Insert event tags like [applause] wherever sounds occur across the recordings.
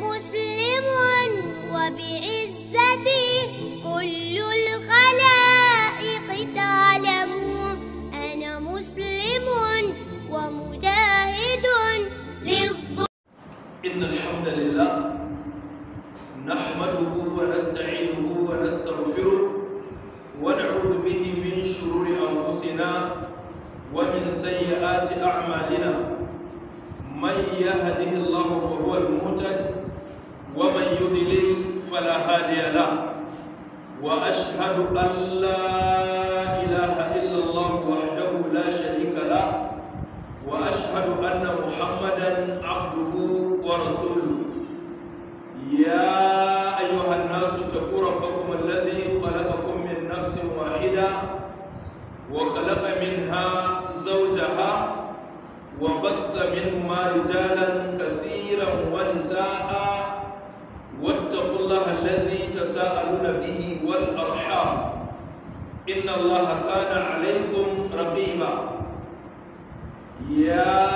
مسلم وبعزتي كل الخلائق تعلم أنا مسلم ومجاهد للظلم إن الحمد لله نحمده ونستعينه ونستغفره ونعوذ به من شرور أنفسنا ومن سيئات أعمالنا من يهده الله فهو المهتد ومن يضلل فلا هادي له واشهد ان لا اله الا الله وحده لا شريك له واشهد ان محمدا عبده ورسوله يا ايها الناس اتقوا ربكم الذي خلقكم من نفس واحده وخلق منها زوجها وبث منهما رجالا كثيرا ونساء واتقوا الله الذي تساءلون به والأرحام إن الله كان عليكم رقيبا يا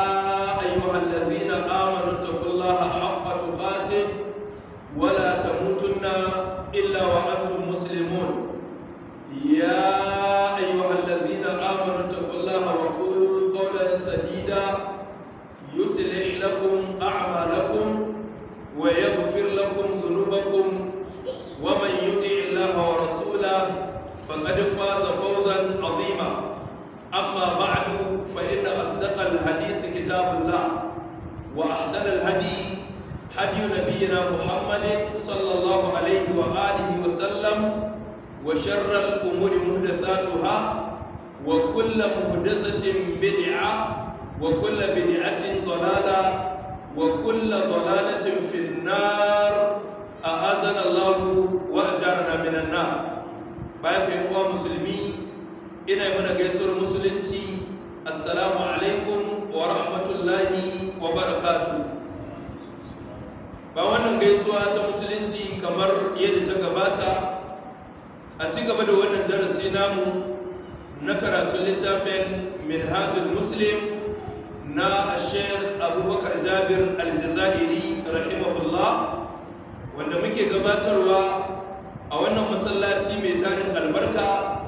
أيها الذين آمنوا اتقوا الله حق تقاته ولا تموتن إلا وأنتم مسلمون يا أيها الذين آمنوا اتقوا الله وقولوا قولا سديدا يصلح لكم أعمالكم ويغفر لكم ذنوبكم ومن يطع الله ورسوله فقد فاز فوزا عظيما أما بعد فإن أصدق الحديث كتاب الله وأحسن الهدي هدي نبينا محمد صلى الله عليه وآله وسلم وشر الأمور محدثاتها وكل محدثة بدعة وكل بدعة ضلالة Wan kulla wananatun fitnaar a hazanar lafu wa ajaran abin nanna, ba ya fi musulmi ina yi mana gaisuwar musulunci. Assalamu alaikum wa rahmatullahi wa barakatu. Ba wannan gaisuwa ta musulunci kamar yadda ta gabata. A ci gaba da wannan darasi namu na karatun littafin manhajar musulim. na sheikh abubakar jabir Al-Jazairi rahimahullah wanda muke gabatarwa a wannan masallaci mai tarin albarka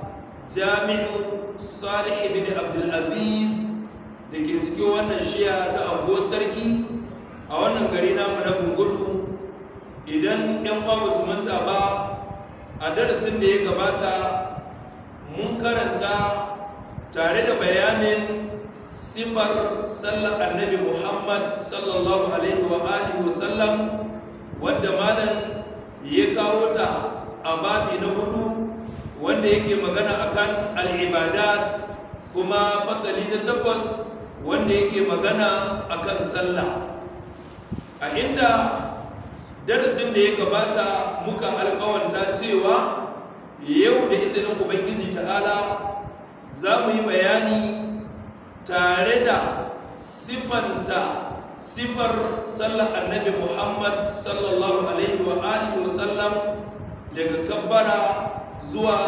jami'u salih bin abdulaziz da ke cikin wannan shiya ta Abu sarki a wannan gari namu na bungudu idan 'yan babu su manta ba a darasin da ya gabata mun karanta tare da bayanin sifar sallar annabi muhammad sallallahu alaihi wa alihi wa sallam wadda malam ya kawo ta a babi na hudu wanda yake magana akan al-ibadat kuma fasali na takwas wanda yake magana akan sallah a inda darasin da ya gabata muka alkawanta cewa yau da izinin ubangiji ta'ala za mu yi bayani tare da sifanta sifar sallar annabi muhammad sallallahu alaihi wa alihi wa sallam daga kabbara zuwa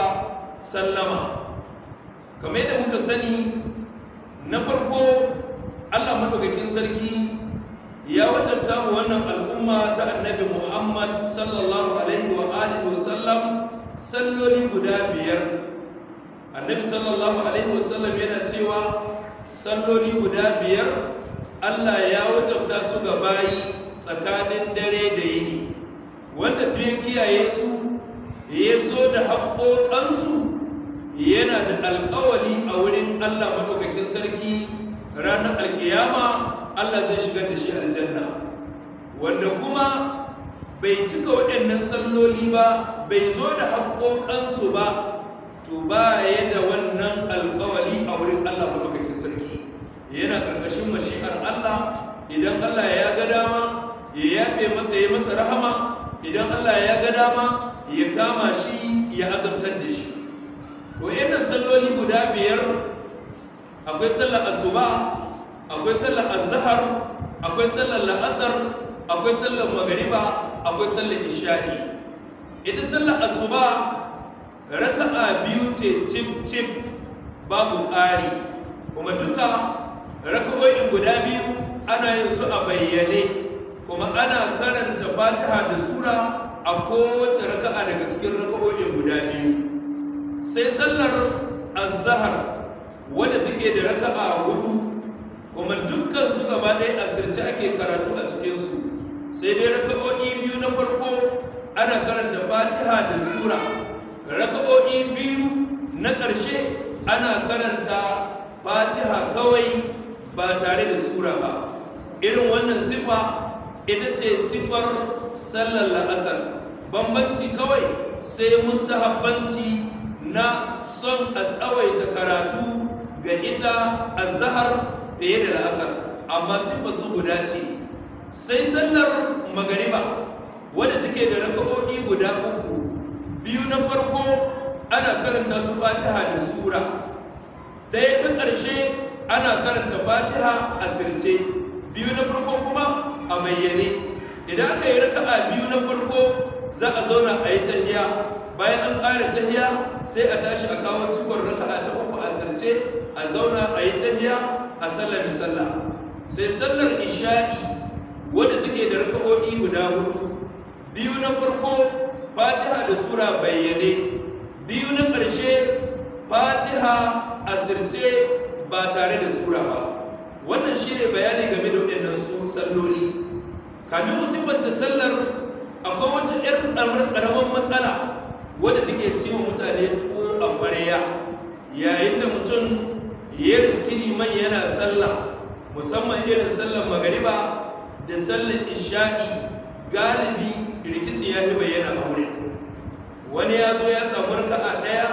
sallama kamar yadda muka sani na farko allah maɗaukakin sarki ya wajabta mu wannan al'umma ta annabi muhammad sallallahu alaihi wa alihi wa sallam salloli guda biyar annabi sallallahu alaihi wa sallam yana cewa salloli guda biyar allah ya wajabta su ga bayi tsakanin dare da yini wanda biyan kiyaye su ya zo da haƙoƙansu yana da alƙawali a wurin allah maɗaukakin sarki ranar alƙiyama allah zai shigar da shi aljanna wanda kuma bai cika waɗannan salloli ba bai zo da haƙoƙansu ba to ba ya da wannan alkawali a wurin Allah madaukakin sarki yana karkashin mashi'ar Allah idan Allah ya ga dama ya yafe masa ya masa rahama idan Allah ya ga dama ya kama shi ya azabtar da shi to yannan salloli guda biyar akwai sallar asuba akwai sallar azhar akwai sallar la'asar akwai sallar magariba akwai sallar isha'i ita sallar asuba raka'a biyu ce cif cif babu ƙari kuma duka raka'o'in guda biyu ana yin su a bayyane kuma ana karanta fatiha da sura a kowace raka'a daga cikin raka'o'in guda biyu sai sallar azahar wadda take da raka'a hudu kuma dukkan su gaba ɗaya a sirce ake karatu a cikinsu sai dai raka'o'i biyu na farko ana karanta fatiha da sura raka'o'i biyu na ƙarshe ana karanta fatiha kawai ba tare da sura ba irin wannan sifa ita ce sifar sallar la'asar bambanci kawai sai mustahabbanci na son a tsawaita karatu ga ita a zahar fiye da la'asar amma sifa su guda ce sai sallar magariba wadda take da raka'o'i guda uku biyu na farko ana karanta su fatiha da sura daya ta ƙarshe ana karanta fatiha a sirce biyu na farko kuma a bayyane idan aka yi raka'a biyu na farko za a zauna a yi tahiya bayan an ƙara tahiya sai a tashi a kawo cikon raka'a ta uku a sirce a zauna a yi tahiya a sallar da sallah sai sallar isha'i wadda take da raka'o'i guda hudu biyu na farko fatiha da sura bayyane biyu na ƙarshe fatiha asirce ba tare da sura ba wannan shine bayani game da waɗannan su salloli kamin ta sallar akwai wata 'yar ƙaramin matsala wadda take ciwon mutane tuwo a yayin da mutum ya riski liman yana sallah musamman irin sallar magariba da sallar isha'i galibi rikici ya fi bayyana a wurin wani ya zo ya samu raka'a ɗaya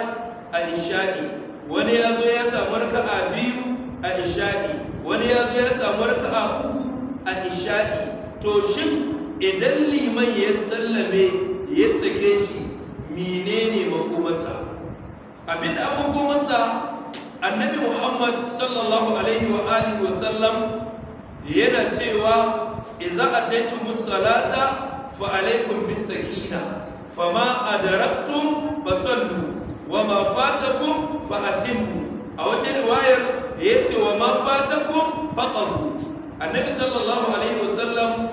a ishaɗi. wani ya zo ya samu raka'a biyu a ishaɗi. wani ya zo ya samu raka'a uku a ishaɗi. to shin idan liman ya sallame ya sake shi menene makomarsa abinda an makomarsa annabi muhammad sallallahu alaihi wa alihi wa sallam yana cewa iza ataitu musallata fa alaikum bis sakina fama adaraktum fasallu wa ma fatakum fa atimmu a wata riwayar yace wa ma fatakum faqadu annabi sallallahu alaihi wasallam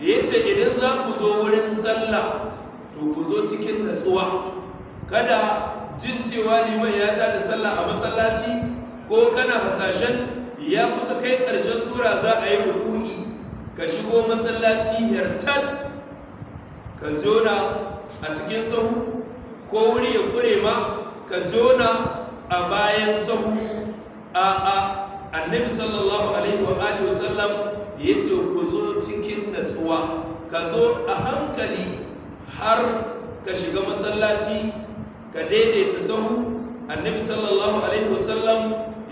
yace idan za ku zo wurin sallah to ku zo cikin natsuwa kada jin cewa liman ya tada sallah a masallaci ko kana hasashen ya kusa kai ƙarshen sura za a yi rukuni ka shigo masallaci yartar ka jona a cikin sahu ko wuri ya kure ma ka jona a bayan sahu a a annabi sallallahu alaihi wa alihi wa ya ce ku zo cikin natsuwa ka zo a hankali har ka shiga masallaci ka daidaita sahu annabi sallallahu alaihi wa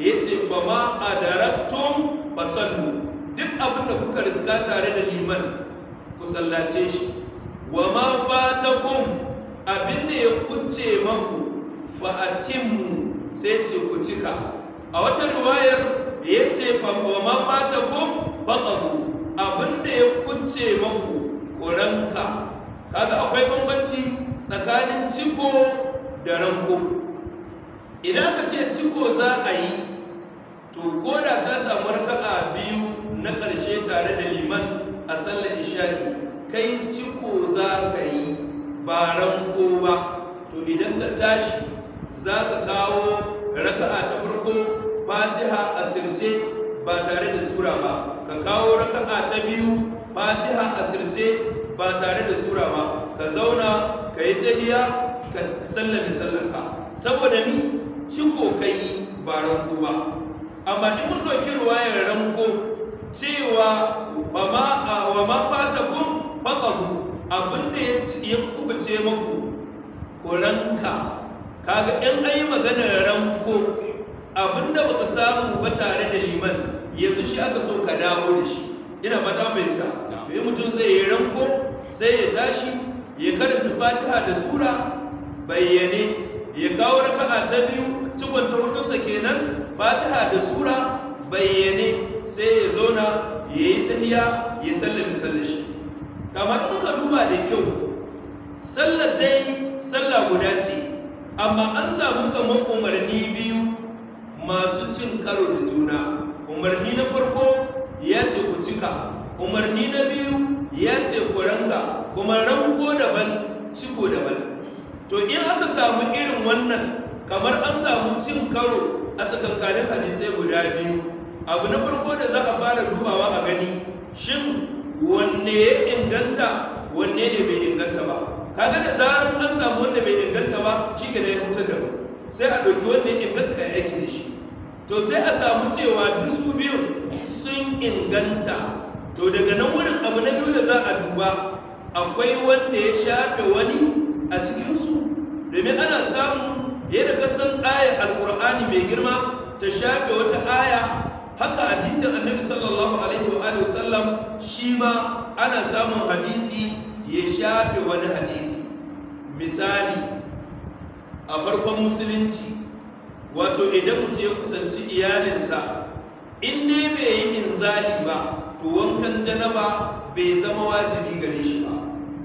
ya ce fama a adaraktum fasallu duk abin da kuka riska tare da liman ku sallace shi wa ma fatakum abin da ya kuce maku fa'atimmu sai ce ku cika a wata riwayar ya ce wa ma fatakum faqadu abin da ya kuce maku ku ranka kaga akwai bambanci tsakanin ciko da ranko idan ka ce ciko za a yi to ko da ka samu raka'a biyu na ƙarshe tare da liman a sallar isha'i kai ciko za ka yi ba ranko ba to idan ka tashi za ka kawo raka'a ta farko fatiha a sirce ba tare da sura ba ka kawo raka'a ta biyu fatiha a sirce ba tare da sura ba ka zauna ka yi tahiya ka sallame sallanka saboda ni ciko ka yi ba ranko ba amma ni mun ɗauki ruwayar ranko cewa wa ma fata kun faqahu abinda ya kubuce maku ko ranka kaga in yi maganar ranko abinda baka samu ba tare da liman yanzu shi aka so ka dawo da shi ina fata ta bai mutum zai yi ranko sai ya tashi ya karanta fatiha da sura bayyane ya kawo raka'a ta biyu tukunta ta hudunsa kenan fatiha da sura bayyane sai ya zauna ya yi tahiya ya sallami sallashi kamar muka duba da kyau sallar dai sallah guda ce amma an samu kamar umarni biyu masu cin karo da juna umarni na farko ya ce ku cika umarni na biyu ya ce ku ranka kuma ranko daban ciko daban to in aka samu irin wannan kamar an samu cin karo a tsakankanin hadisai guda biyu abu na farko da za a fara dubawa a gani shin wanne ya inganta wanne ne bai inganta ba kaga da zarar an samu wanda bai inganta ba shi ke da ya hutar da mu sai a ɗauki wanda ya inganta a aiki da shi to sai a samu cewa dusu biyu sun inganta to daga nan wurin abu na biyu da za a duba akwai wanda ya shafe wani a cikinsu domin ana samu yadda kasan aya alkur'ani mai girma ta shafe wata aya haka hadisin annabi sallallahu alaihi wa sallam shi ma ana samun hadisi ya shafe wani hadisi misali a farkon musulunci wato idan mutum ya kusanci iyalinsa in dai bai yi inzali ba to wankan janaba bai zama wajibi gare shi ba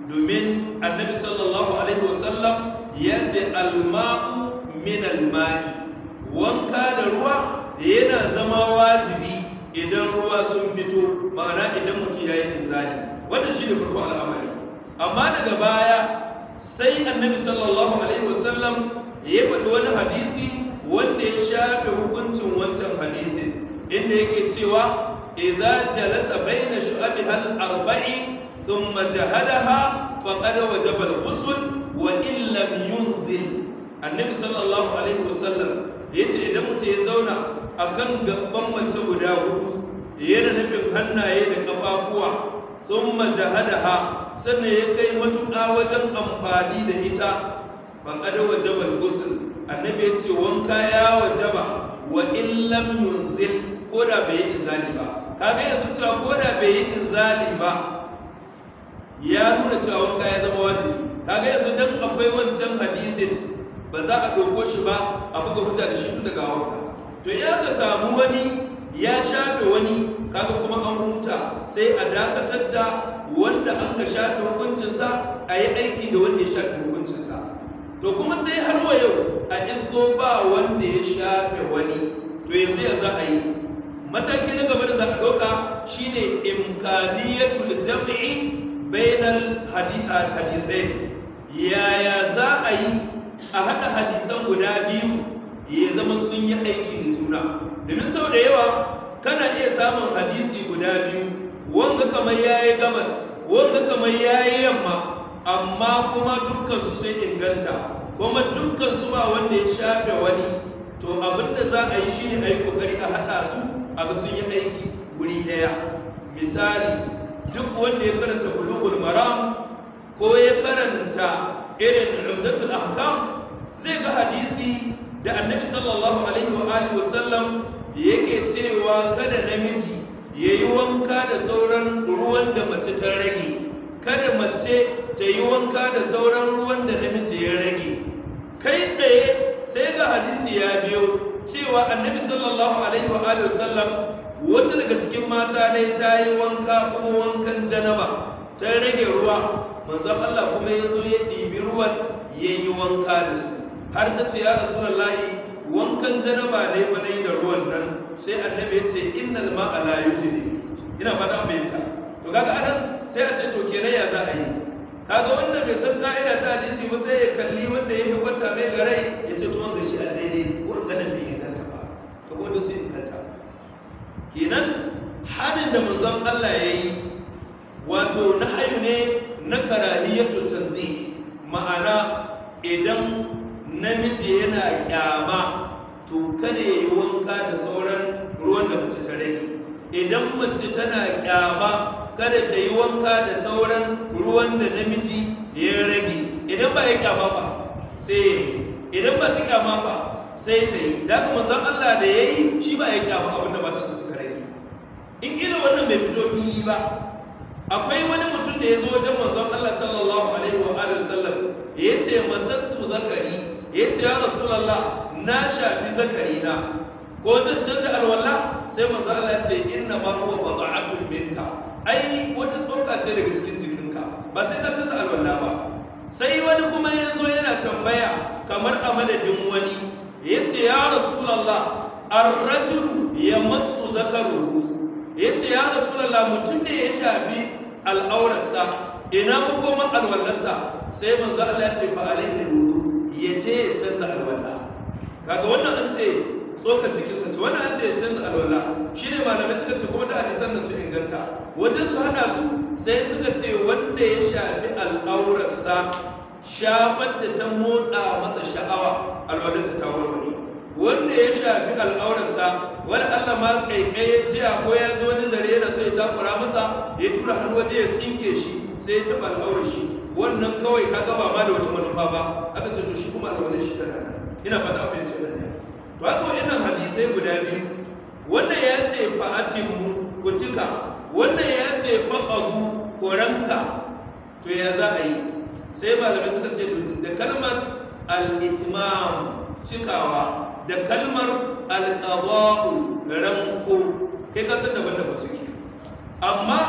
domin annabi sallallahu alaihi wa ya ce alma'u min alma'i wanka da ruwa yana zama wajibi idan ruwa sun fito ma'ana idan mutum ya yi inzali wannan shi ne farko al'amari amma daga baya sai annabi sallallahu alaihi wasallam ya faɗi wani hadisi wanda ya shafe hukuncin wancan hadisin inda yake cewa idza jalasa baina shu'abiha al-arba'i thumma jahadaha faqad wajaba al-ghusl wa in lam yunzil annabi sallallahu alaihi wasallam yace idan mutum ya zauna akan gaban mace guda hudu yana nufin hannaye da kafafuwa sun ha sannan ya kai matuƙa wajen amfani da ita faƙada wa jabal gusul annabi ya ce wanka ya wa jaba wa illam yunzil ko da bai yi inzali ba kaga yanzu cewa ko da bai yi inzali ba ya nuna cewa wanka ya zama wajibi kaga yanzu dan akwai wancan hadisin ba za a doko shi ba a buga hujja da shi tun daga wanka to ya ka samu wani ya shafe wani kaga kuma an huta sai a dakatar da wanda an ka shafe hukuncinsa a yi aiki da wanda ya shafe hukuncinsa to kuma sai har wa yau a isko ba wanda ya shafe wani to yanzu ya za a yi mataki na gaba da za a ɗauka shine imkaniyatul jam'i bainal hadithai yaya za a yi a haɗa hadisan guda biyu ya zama sun yi aiki da juna domin sau da yawa kana iya samun hadisi guda biyu wanda kamar ya yi gabas wanda kamar ya yi yamma amma kuma dukkansu sai inganta kuma dukkansu ba wanda ya shafe wani to abinda za a yi shi ne a yi kokari a haɗa su a ga sun yi aiki wuri ɗaya misali duk wanda ya karanta bulugul maram ko ya karanta irin rumdatul ahkam zai ga hadisi da annabi sallallahu alaihi wa alihi wa yake cewa kada namiji yayi wanka da sauran ruwan da mace ta rage kada mace ta yi wanka da sauran ruwan da namiji ya rage kai tsaye sai ga hadisi ya biyo cewa annabi sallallahu alaihi wa alihi wa wata daga cikin mata dai ta yi wanka kuma wankan janaba ta rage ruwa manzon Allah kuma ya zo ya ɗibi ruwan ya yi wanka da su har ta ce ya rasulullahi wankan janaba ne ba yi da ruwan nan sai annabi ya ce innal ma'a la jini?" ina fata fahimta to kaga anan sai a ce to kenan ya za a yi kaga wanda bai san ka'ida ta hadisi ba sai ya kalli wanda ya kwanta mai garai ya ce to wanda shi a daidai wurin ganin bai inganta ba to ko sai inganta kenan hanin da manzon Allah ya yi wato na ne na karahiyatu tanzihi ma'ana idan namiji yana kyama to kada ya yi wanka da sauran ruwan da mace ta rage idan mace tana kyama kada ta yi wanka da sauran ruwan da namiji ya rage idan ba ya kyama ba sai ya yi idan ba ta kyama ba sai ta yi da kuma zan Allah da ya yi shi ba ya kyama abinda su suka rage in kila wannan bai fito fili ba akwai wani mutum da ya zo wajen manzon Allah sallallahu alaihi wa alihi wasallam ya ce masastu zakari ya ce ya rasulallah na shafi zakari na ko zan canza alwala sai manzo Allah ce inna ma huwa bad'atun minka ai wata tsoka ce daga cikin jikinka ba sai ka canza alwala ba sai wani kuma ya zo yana tambaya kamar a madadin wani ya ce ya rasulallah arrajulu ya masu zakaruhu ya ce ya rasulallah mutum ne ya shafi al'aurarsa ina makoman alwallarsa sai manzo Allah ya ce fa alaihi rudu ya ya canza alwala kaga wannan an ce tsokar jikinsa ce wannan an ce ya canza alwala shine malamai suka ce kuma da san nan su inganta wajen su hada su sai suka ce wanda ya shafi al'aurarsa shafar da ta motsa masa sha'awa alwalarsa ta warware wanda ya shafi al'aurarsa wani allah ma kaikaye jiya ko ya zo wani zare yana so ya takura masa ya tura hannu waje ya tsinke shi sai ya taɓa al'aurar shi wannan kawai ka gaba ma da wata manufa ba aka ce to shi kuma alwalar shi tana nan ina fata abin ce nan to haka nan hadisai guda biyu wannan ya ce fa'atin mu ku cika wannan ya ce fa'agu ku ranka to ya za a yi sai malamai suka ce da kalmar al-itmam cikawa da kalmar al-qada'u ranko kai ka kasar daban-daban suke amma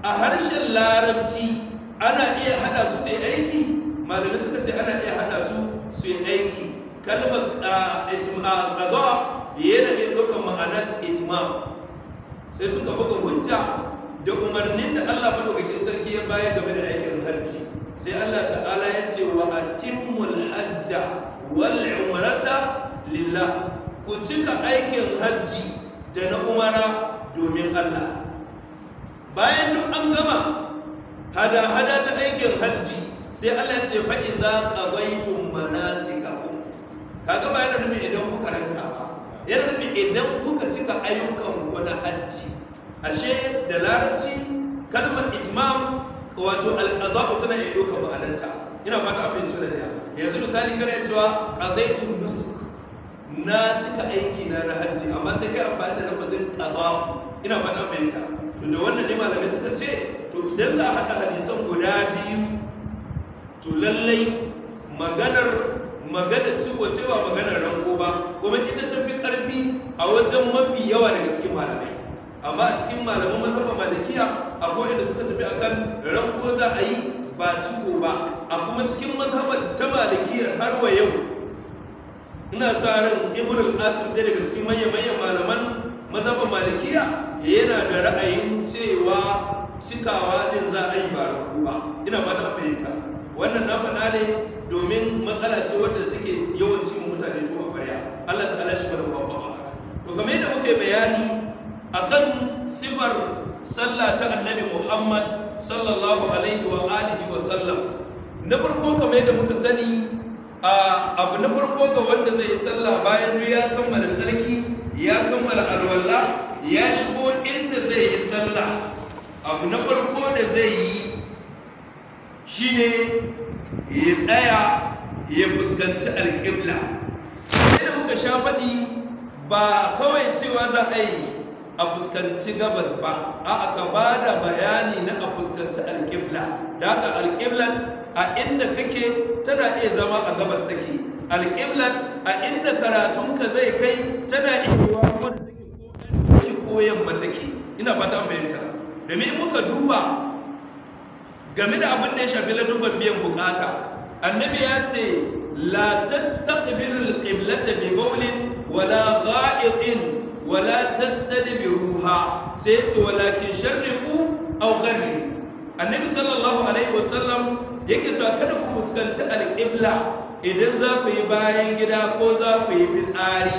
a harshen larabci ana iya hada su su yi aiki malamai suka ce ana iya hada su su yi aiki kalmar qada yana iya ɗaukar ma'anar itma sai suka buga hujja da umarnin da Allah madaukakin sarki ya bayar game da aikin hajji sai Allah ta'ala ya ce wa atimmul hajja wal umrata lillah ku cika aikin hajji da na umara domin Allah bayan duk an gama hada hada ta aikin hajji sai Allah ya ce fa iza qawaitum manasikakum kaga ba yana nufin idan kuka ranka ba yana nufin idan kuka cika ayyukan ku na hajji ashe da larabci kalmar itmam wato alqada'u tana iya doka ma'anarta ina fata abin cire da yanzu misali kana cewa qadaitum nusuk na cika aiki na na hajji amma sai kai amfani da lafazin qada'u ina fata fahimta tunda wannan ne malamai suka ce to idan za a haɗa hadisan guda biyu to lallai maganar maganar cewa cewa maganar ranko ba kuma ita ta fi ƙarfi a wajen mafi yawa daga cikin malamai amma a cikin malaman mazhaban malikiya akwai wanda suka tafi akan ranko za a yi ba ciko ba a kuma cikin mazhaban ta malikiya har wa yau ina sa ran ibnu al-qasim daga cikin manyan manyan malaman mazhabin malikiya eh, yana da ra'ayin cewa cikawa din za a yi ba rabu ba ina ba ta fahimta wannan na faɗa ne domin matsala ce wadda take yawan cin mutane tuwa ƙwarya Allah ta ta'ala shi bada ba to kamar yadda muka bayani akan sifar sallah ta annabi Muhammad sallallahu alaihi wa alihi wa sallam na farko kamar yadda muka sani a abu na farko ga wanda zai yi sallah bayan ya kammala tsarki ya kammala alwalla ya shigo inda zai yi sallah abu na farko da zai yi shi ne ya tsaya ya fuskanci alƙibla da muka sha faɗi ba kawai cewa za a yi a fuskanci gabas ba a aka ba da bayani na a fuskanci alƙibla da aka alƙiblan a inda kake tana iya zama a gabas take alƙiblar a inda karatunka zai kai tana ikiwa wadda take ƙoƙarin ji koyan mataki ina fata fahimta domin muka duba game da abin da ya shafi ladubban biyan bukata annabi ya ce la tastaqbilu alqiblata bi bawlin wala gha'iqin wala tastadbiruha sai ya ce walakin sharriqu aw gharriqu annabi sallallahu alaihi wasallam yake cewa kada ku fuskanci alqibla idan za ku yi bayan gida ko za ku yi fitsari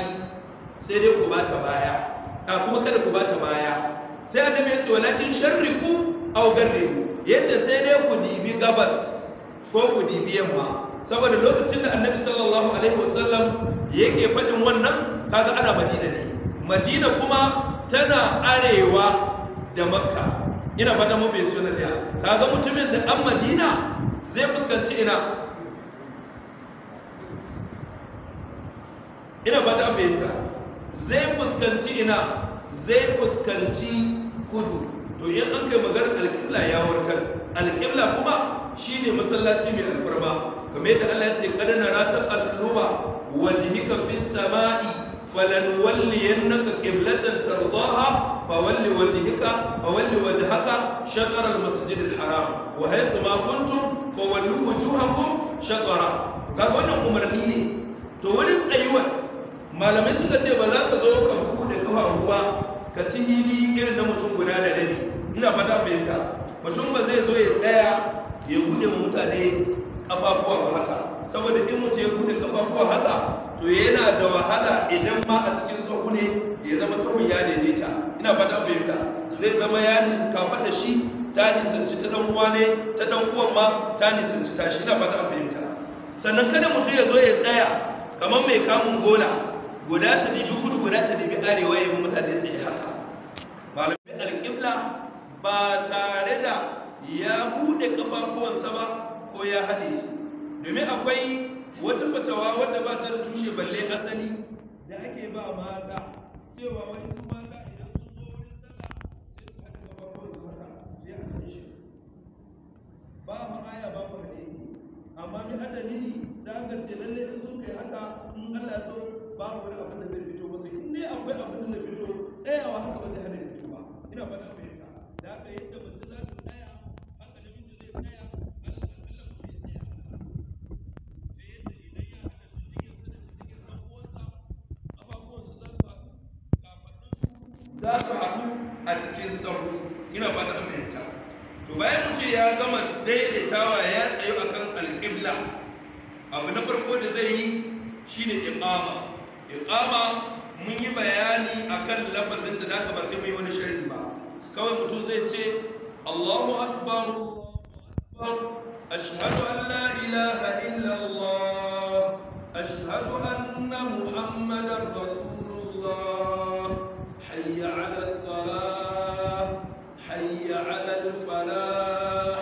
sai dai ku bata baya a kuma kada ku bata baya sai annabi ya ce walakin sharriku aw garribu yace sai dai ku dibi gabas ko ku dibi yamma saboda lokacin da annabi sallallahu alaihi wasallam yake faɗin wannan kaga ana madina ne madina kuma tana arewa da makka ina fata mafi yanzu na kaga mutumin da an madina zai fuskanci ina ina ba ta zai fuskanci ina zai fuskanci kudu to in an kai maganar alƙibla ya warkar alƙibla kuma shine masallaci mai alfarma kamar yadda Allah ya ce kada na rata qalluba wajhika fi sama'i falanuwalliyannaka qiblatan waje fawalli wajhika fawalli wajhaka shatr al masjid al haram wa haythu ma kuntum fawallu wujuhakum shatra kaga wannan umarni ne to wani tsayuwar malamai suka ce ba za ka zo ka buɗe kafafu ruwa ka ci hili irin na mutum guda da rabi ina fata fahimta mutum ba zai zo ya tsaya ya buɗe ma mutane kafafuwa ba haka saboda in mutum ya bude kafafuwa haka to yana da wahala idan ma a cikin sahu ne ya zama sahun ya daidaita ina fata fahimta zai zama ya kafar da shi ta nisanci ta dan uwa ne ta dan uwan ma ta nisanci ta shi ina fata fahimta sannan kada mutum ya zo ya tsaya kamar mai kamun gona guda ta dibi kudu guda ta dibi arewa ya mutane sai haka malamin alƙibla ba tare da ya bude ƙafafuwansa ba ko ya haɗe su domin akwai wata fatawa wadda ba ta tushe balle asali da ake ba mata cewa wani su mata idan sun zo wurin sallah sai su haɗe haka sai a shi ba mu aya ba mu haɗe amma ni da za ka ce lallai in sun kai haka in Allah ya so babu wani abin da zai fito ba sai in dai akwai abin da zai fito tsayawa haka ba zai hana fito ba ina faɗa fahimta da yi da mace za ta tsaya haka namiji zai tsaya za su haɗu a cikin sauro ina ba ta fahimta to bayan mutum ya gama daidaitawa ya tsayo akan alƙibla abu na farko da zai yi shine iqama iqama mun yi bayani akan lafazin ta daga ba sai mai wani sharri ba kawai mutum zai ce Allahu akbar ashhadu an la ilaha illa Allah ashhadu anna muhammadar rasulullah hayya ala salah hayya ala al falah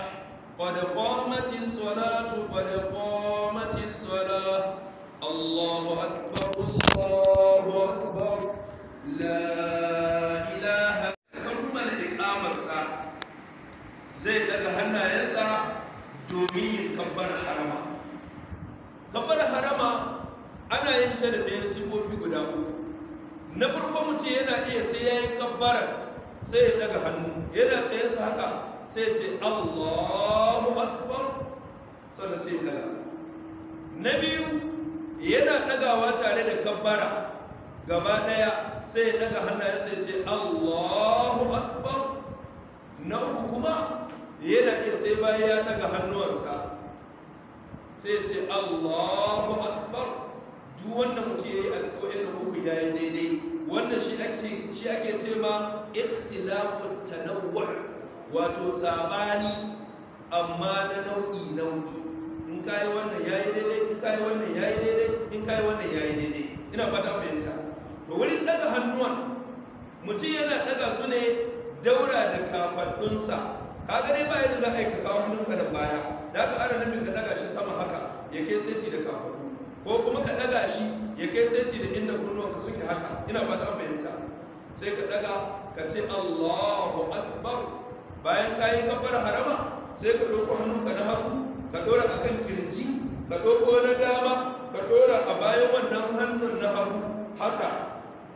qad qamati as-salatu qad qamati as-salah الله أكبر الله أكبر لا zai daga hannayensa domin yin harama harama ana yin ta da ɗayan guda na farko yana iya sai ya sai daga hannu yana tsayensa haka sai ya ce allahu akbar sannan sai ya daga na biyu yana ɗagawa tare da kabbara gaba ɗaya sai ya ɗaga hannayensa ya ce allahu akbar na uku kuma yana iya sai bayan ya ɗaga hannuwansa sai ya ce allahu akbar duk wanda mutum ya yi a cikin wa'in hukun ya yi daidai wannan shi ake ce ma ikhtilafun tanawwar wato sabani amma na nau'i nau'i in ka yi wannan ya yi daidai in ka yi wannan ya yi daidai in ka yi wannan ya yi daidai ina fata fahimta to wurin daga hannuwan mutum yana daga su ne daura da ka ga dai ba yadda za a yi ka kawo hannunka da baya da ka ana nufin ka daga shi sama haka ya kai saiti da kafaɗu ko kuma ka daga shi ya kai saiti da inda kunnuwanka suke haka ina fata fahimta sai ka daga ka ce allahu akbar bayan ka yi kabbar harama sai ka ɗauko hannunka na hagu ka dora kan kirji ka doko na dama ka dora a bayan wannan hannun na hagu haka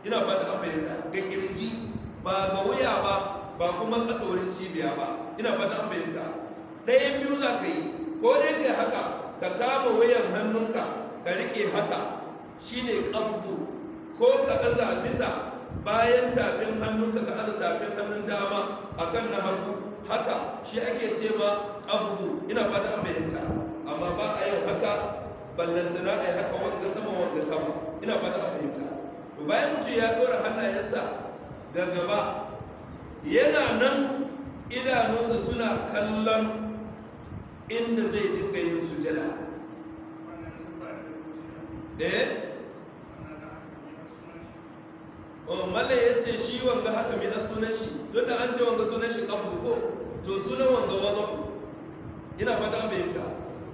ina ba da fahimta ga kirji ba ga wuya ba ba kuma ƙasa wurin cibiya ba ina ba da fahimta ɗayan biyu za ka yi ko dai kai haka ka kama wuyan hannunka ka riƙe haka shine ƙabdu ko ka aza bisa bayan tafin hannunka ka aza tafin hannun dama akan na hagu haka shi ake ce ma ƙabudu ina fata an fahimta amma ba a yin haka ballantana a yi haka wanda sama wanda sama ina fata an fahimta to bayan mutum ya ɗora hannayensa da gaba yana nan idanunsa suna kallon inda zai dinga yin sujada eh malle ya ce shi wanga haka mai sunan shi don da an ce wanga sunan shi kafu ko to sunan wanga wazo ina fata an bayyana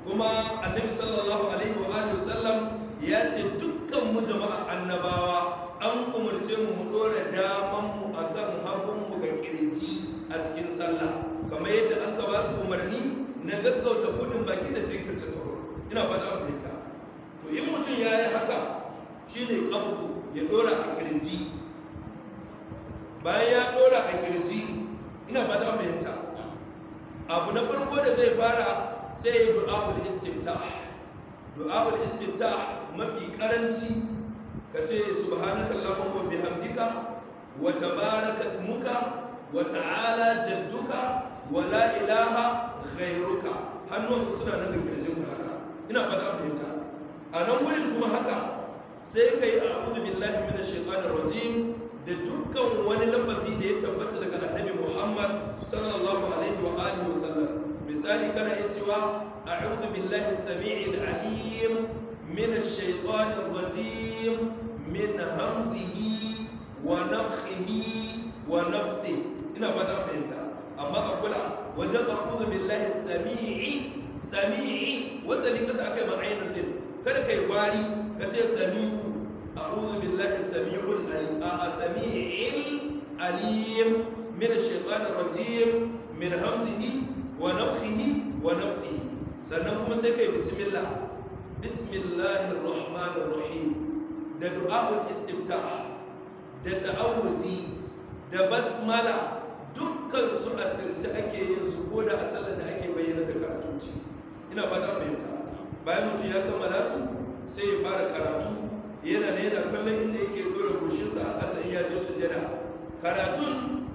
kuma annabi sallallahu alaihi wa alihi wasallam ya ce dukkan mu jama'a annabawa an umarce mu mu dora daman mu akan hagun mu ga kirji a cikin sallah kamar yadda an ka ba su umarni na gaggauta gudun baki da jinkirta sauro ina fata an bayyana to in mutum ya yi haka shine kafu ya dora a kirji bayan ya dora a kirji ina ba da fahimta abu na farko da zai fara sai ya yi du'a'ul istimta du'a'ul istimta mafi karanci ka ce subhanaka allahumma wa bihamdika wa tabaraka ismuka wa ta'ala jadduka wa la ilaha ghayruka hannun suna nan da kirjin ku haka ina ba da fahimta a nan wurin kuma haka sai ka kai a'udhu billahi minash shaitanir rajim da dukkan wani lafazi da ya tabbata daga annabi muhammad sallallahu alaihi wa alihi wasallam misali kana iya cewa a'udhu billahi sami'il alim min ash-shaytanir rajim min hamzihi wa nafthihi wa nafthihi ina ba da fahimta amma a kula wajen a'udhu billahi sami'i sami'i wasali kasa akai ma'ainar din kada kai gwari ka ce sami'u أعوذ بالله السميع السميع العليم من الشيطان الرجيم من همزه ونفخه ونفثه sannan kuma sai kai bismillah bismillahir rahmanir rahim da du'a'ul istifta da ta'awuzi da dukkan su asirce ake yin su ko da asalin da ake bayyana da karatu ina fata fahimta bayan mutum ya kammala su sai ya fara karatu yana ne yana kallon inda yake dora kushinsa a ƙasa iya ya su jada. karatun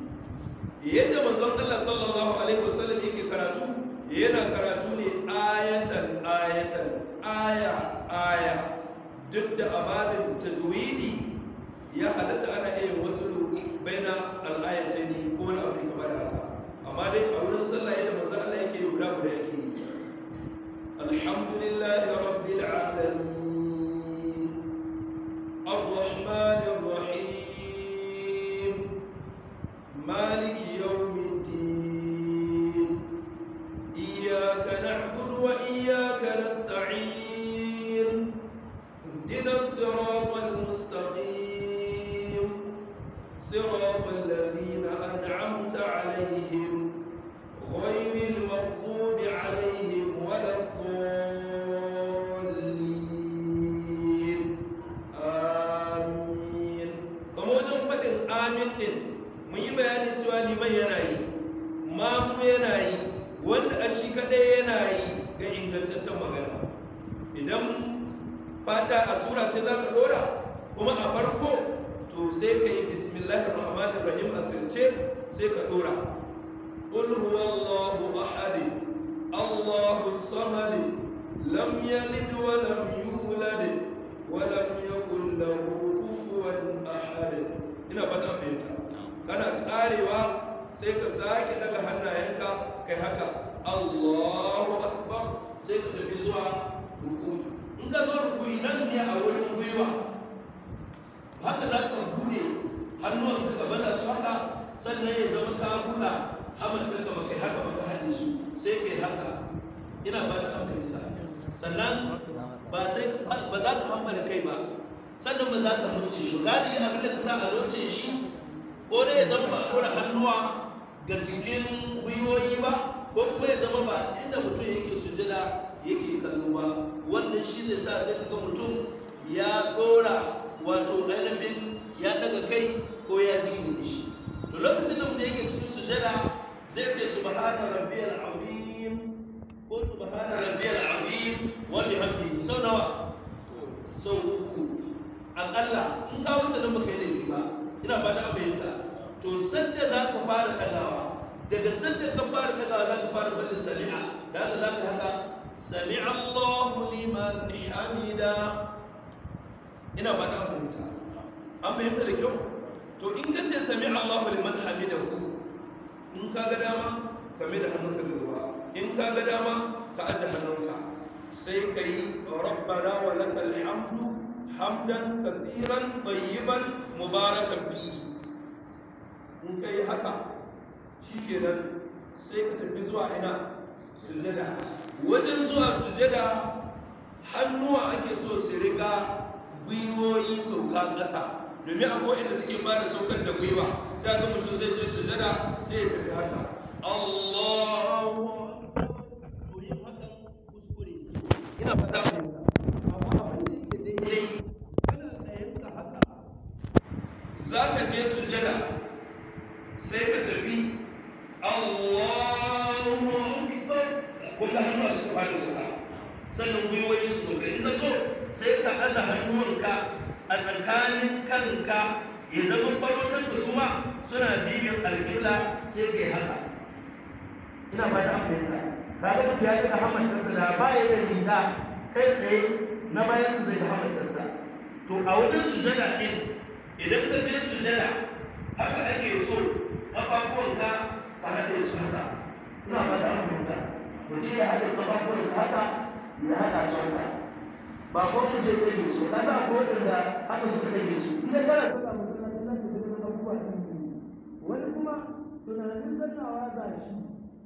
yadda manzon Allah sallallahu alaihi wasallam yake karatu yana karatu ne ayatan ayatan aya aya duk da ababin tazwidi ya halatta ana iya wasu baina al-ayatayn ko wani abu kamar haka amma dai a wurin hannuwan ka baza su haka sannan ya zama ka buɗa hamar ka ba kai haka ba ka su sai kai haka ina ba da amsa isa sannan ba sai ba za ka hamba kai ba sannan ba za ka roce shi galibi abin da ka sa a roce shi ko dai ya zama ba a ɗora hannuwa ga jikin gwiwoyi ba ko kuma ya zama ba inda mutum yake sujada yake kallo ba wannan shi zai sa sai ka ga mutum ya ɗora wato ainihin ya daga kai ko ya jingine shi to lokacin da mutum yake cikin sujada zai ce subhana rabbiyal azim ko su subhana rabbiyal azim wa bihamdihi sau nawa sau uku akalla in ka wuce nan baka yi laifi ba ina ba da fahimta to sanda za ka fara dagawa daga sanda ka fara dagawa za ka fara bada sami'a da haka za ka haka sami'a Allahu liman hamida ina ba da fahimta an fahimta da kyau to in ka ce sami allahu liman hamidahu in ka ga dama ka mai da hannunka ga gaba in ka ga dama ka adda hannunka sai ka yi rabbana wa lakal hamdu hamdan kathiran tayyiban mubarakan fi in ka yi haka shikenan sai ka tafi zuwa ina sujada wajen zuwa sujada hannuwa ake so su riga gwiwoyi sauka ƙasa domin akwai inda suke bada da saukar da gwiwa sai ga mutum zai je sujada sai ya tafi haka Allahu to yin hakan kuskure ina faɗa amma abin da yake daidai kana tsayen ka haka za ka je sujada sai ka tafi Allahu akbar kun ga hannu su fara sauka sannan gwiwoyi su sauka in ka zo sai ka aza hannuwanka a tsakanin kanka ya zama farautar da su ma suna bibiyar alƙibla sai kai haka ina bayan amurka ba da mutu ya ji da hamantarsa da ba ya da riga kai tsaye na bayan su zai da hamantarsa to a wajen su sujada ɗin idan ka je su sujada haka ake so ƙafafuwanka ka haɗe su haka ina ba bayan amurka mutum ya haɗe ƙafafuwansa haka ya haɗa su haka ba ko ku je ke yi su kaza ko da haka suka ta yi su ina kana kuka mutum na cikin abubuwa ne wani kuma tunanin zannawa za shi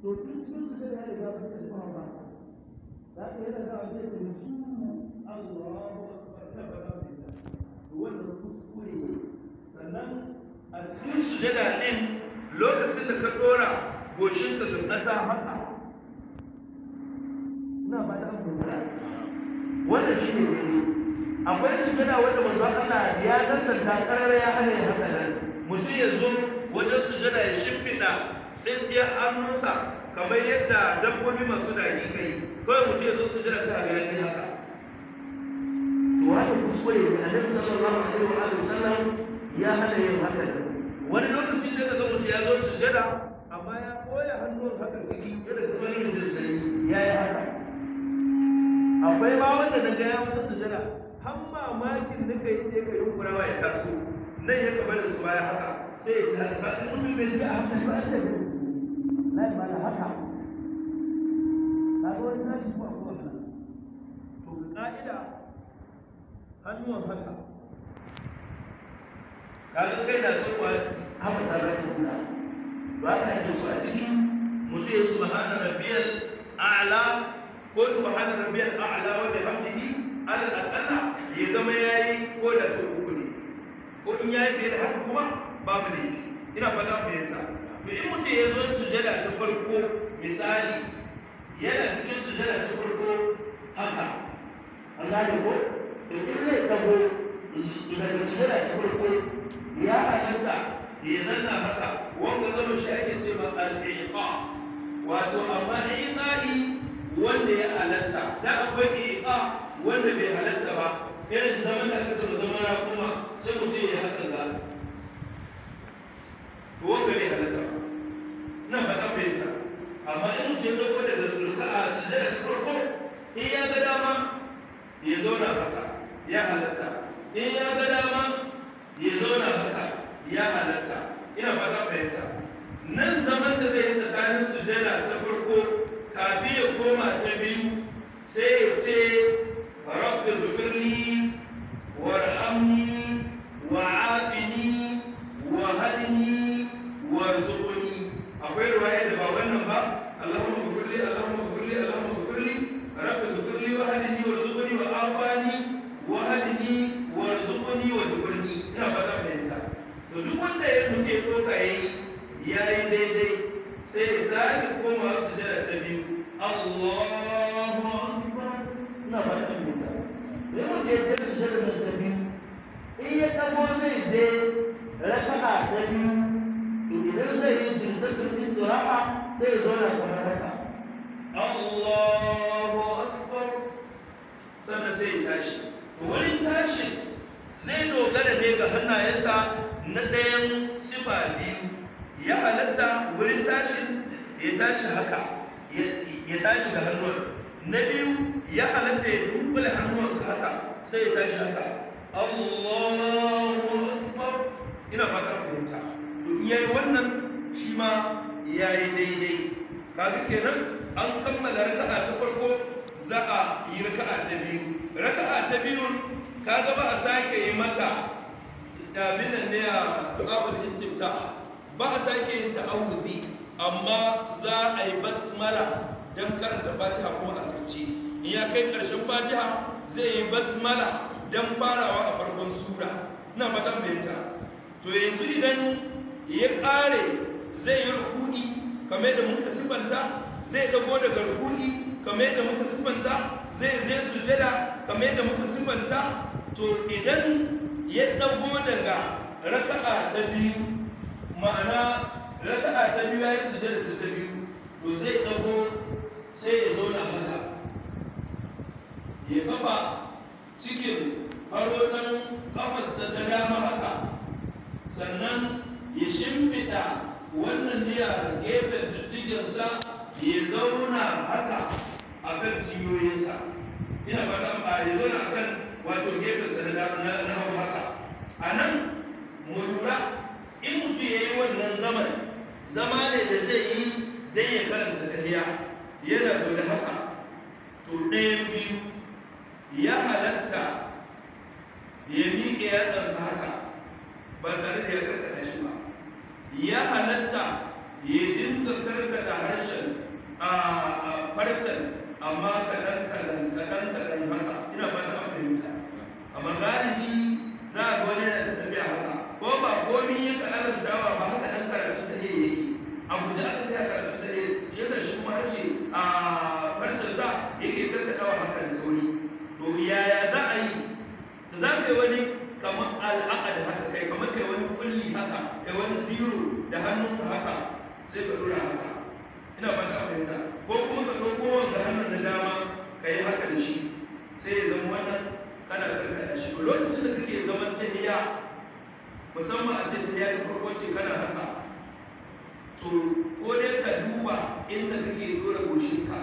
to tun cikin su zai hada ga fuskar kuma ba za ka yi za a ce da su Allahu wannan kuskure sannan a cikin sujada din lokacin da ka ɗora goshinka ga ƙasa haka magana wanda manzo Allah ya nasanta karara ya hana ya haka nan mutum ya zo wajen sujada ya shimfiɗa tsintsiyar hannunsa kamar yadda dabbobi masu dagi kai kawai mutum ya zo sujada sai ga ya ce haka to wani kuskure da annabi sallallahu alaihi wa alihi sallam ya hana yin haka wani lokaci sai ka ga mutum ya zo sujada amma ya koya hannun haka ciki yadda kuma yin da sai ya yi haka akwai ba wanda daga ya mutu sujada har mamakin da ka yi da ka ya taso nan ya kamar su baya haka sai ya ta haka mutum bai ji a haka ba ta yi na yi bada haka zuwa na shi ko akwai Kuma to ga ka'ida hannuwan haka kaga kai na son wa haka ta ba ta guda ba ta yi su a ciki mutum ya subhana rabbiyal a'ala ko subhana rabbiyal a'ala wa bihamdihi alal akalla ya zama yayi ko da sau uku ne ko in ya yi fiye da haka kuma babu ne ina fata fahimta to in mutum ya zo su sujada ta farko misali yana cikin su sujada ta farko haka an gane ko in zai dago daga sujada ta farko ya halatta ya zanna haka wanda zama shi ake ce ma al-iqa wato amma iqali wanda ya halatta da akwai iqa wanda bai halatta ba irin zaman da aka zama zama na kuma sai mutum ya hakan da wanda bai halatta ba na faɗa fahimta amma in mutum ya da daga a sujjada ta farko in ya ga dama ya zauna haka ya halatta in ya ga dama ya zauna haka ya halatta ina faɗa fahimta nan zaman da zai yi tsakanin sujjada ta farko kafin ya koma ta biyu sai ya ce رب اغفر لي وارحمني qira'a sai zo da kamar haka Allahu akbar sannan sai ya tashi wurin tashi zai dogara ne ga hannayensa na ɗayan sifa biyu ya halatta wurin tashin ya tashi haka ya tashi da hannun na biyu ya halatta ya dunkule hannunsa haka sai ya tashi haka allahu akbar ina fata fahimta to in yayi wannan shi ma ya yi daidai kaga kenan an kammala raka'a ta farko za a yi raka'a ta biyu raka'a ta biyu kaga ba a sake yi mata eh, abin nan ne a du'a'ul istimta ba a sake yin ta auzi amma za a yi basmala don karanta fatiha kuma a sauci in ya kai karshen fatiha zai yi basmala dan farawa a farkon sura na matan fahimta to yanzu idan ya ƙare zai yi ruku'i kamar da muka sifanta zai dago daga ruku'i kamar da muka sifanta zai zai sujada kamar da muka sifanta to idan ya dago daga raka'a ta biyu ma'ana raka'a ta biyu ya yi sujada ta biyu to zai dago sai ya zo na haka ya kafa cikin farotan kafarsa ta dama haka sannan ya shimfida wannan ne a gefen diddigensa ya zauna haka a kan ciyoyinsa ina fata ba ya zauna a kan wato gefensa na hau haka a nan mu lura in mutu ya yi wannan zaman zama ne da zai yi don ya karanta tahiya yana da haka to ɗayan biyu ya halatta ya miƙe yatsansa haka ba tare da ya karkata shi ba ya halatta ya dinga karkata harshen a farcen amma kadan-kadan kadan kadan haka ina ba ta fahimta amma galibi za a gode na ta tafiya haka ko ba komi ya kalantawa ba haka nan karatu ta yi yake a guji aka tafiya karatu ta yi ya sa shi kuma harshe a farcen sa yake karkatawa haka da sauri to yaya za a yi za ka yi wani kamar da haka kai kamar kai wani kulli haka kai wani zero da hannunka haka sai ka dora haka ina ban ka fahimta ko kuma ka ɗauko wanda hannun na dama ka yi haka da shi sai ya zama wannan kana karkata shi to lokacin da kake zaman iya musamman a ce ta iya ta farko ce kana haka to ko dai ka duba inda kake dora goshinka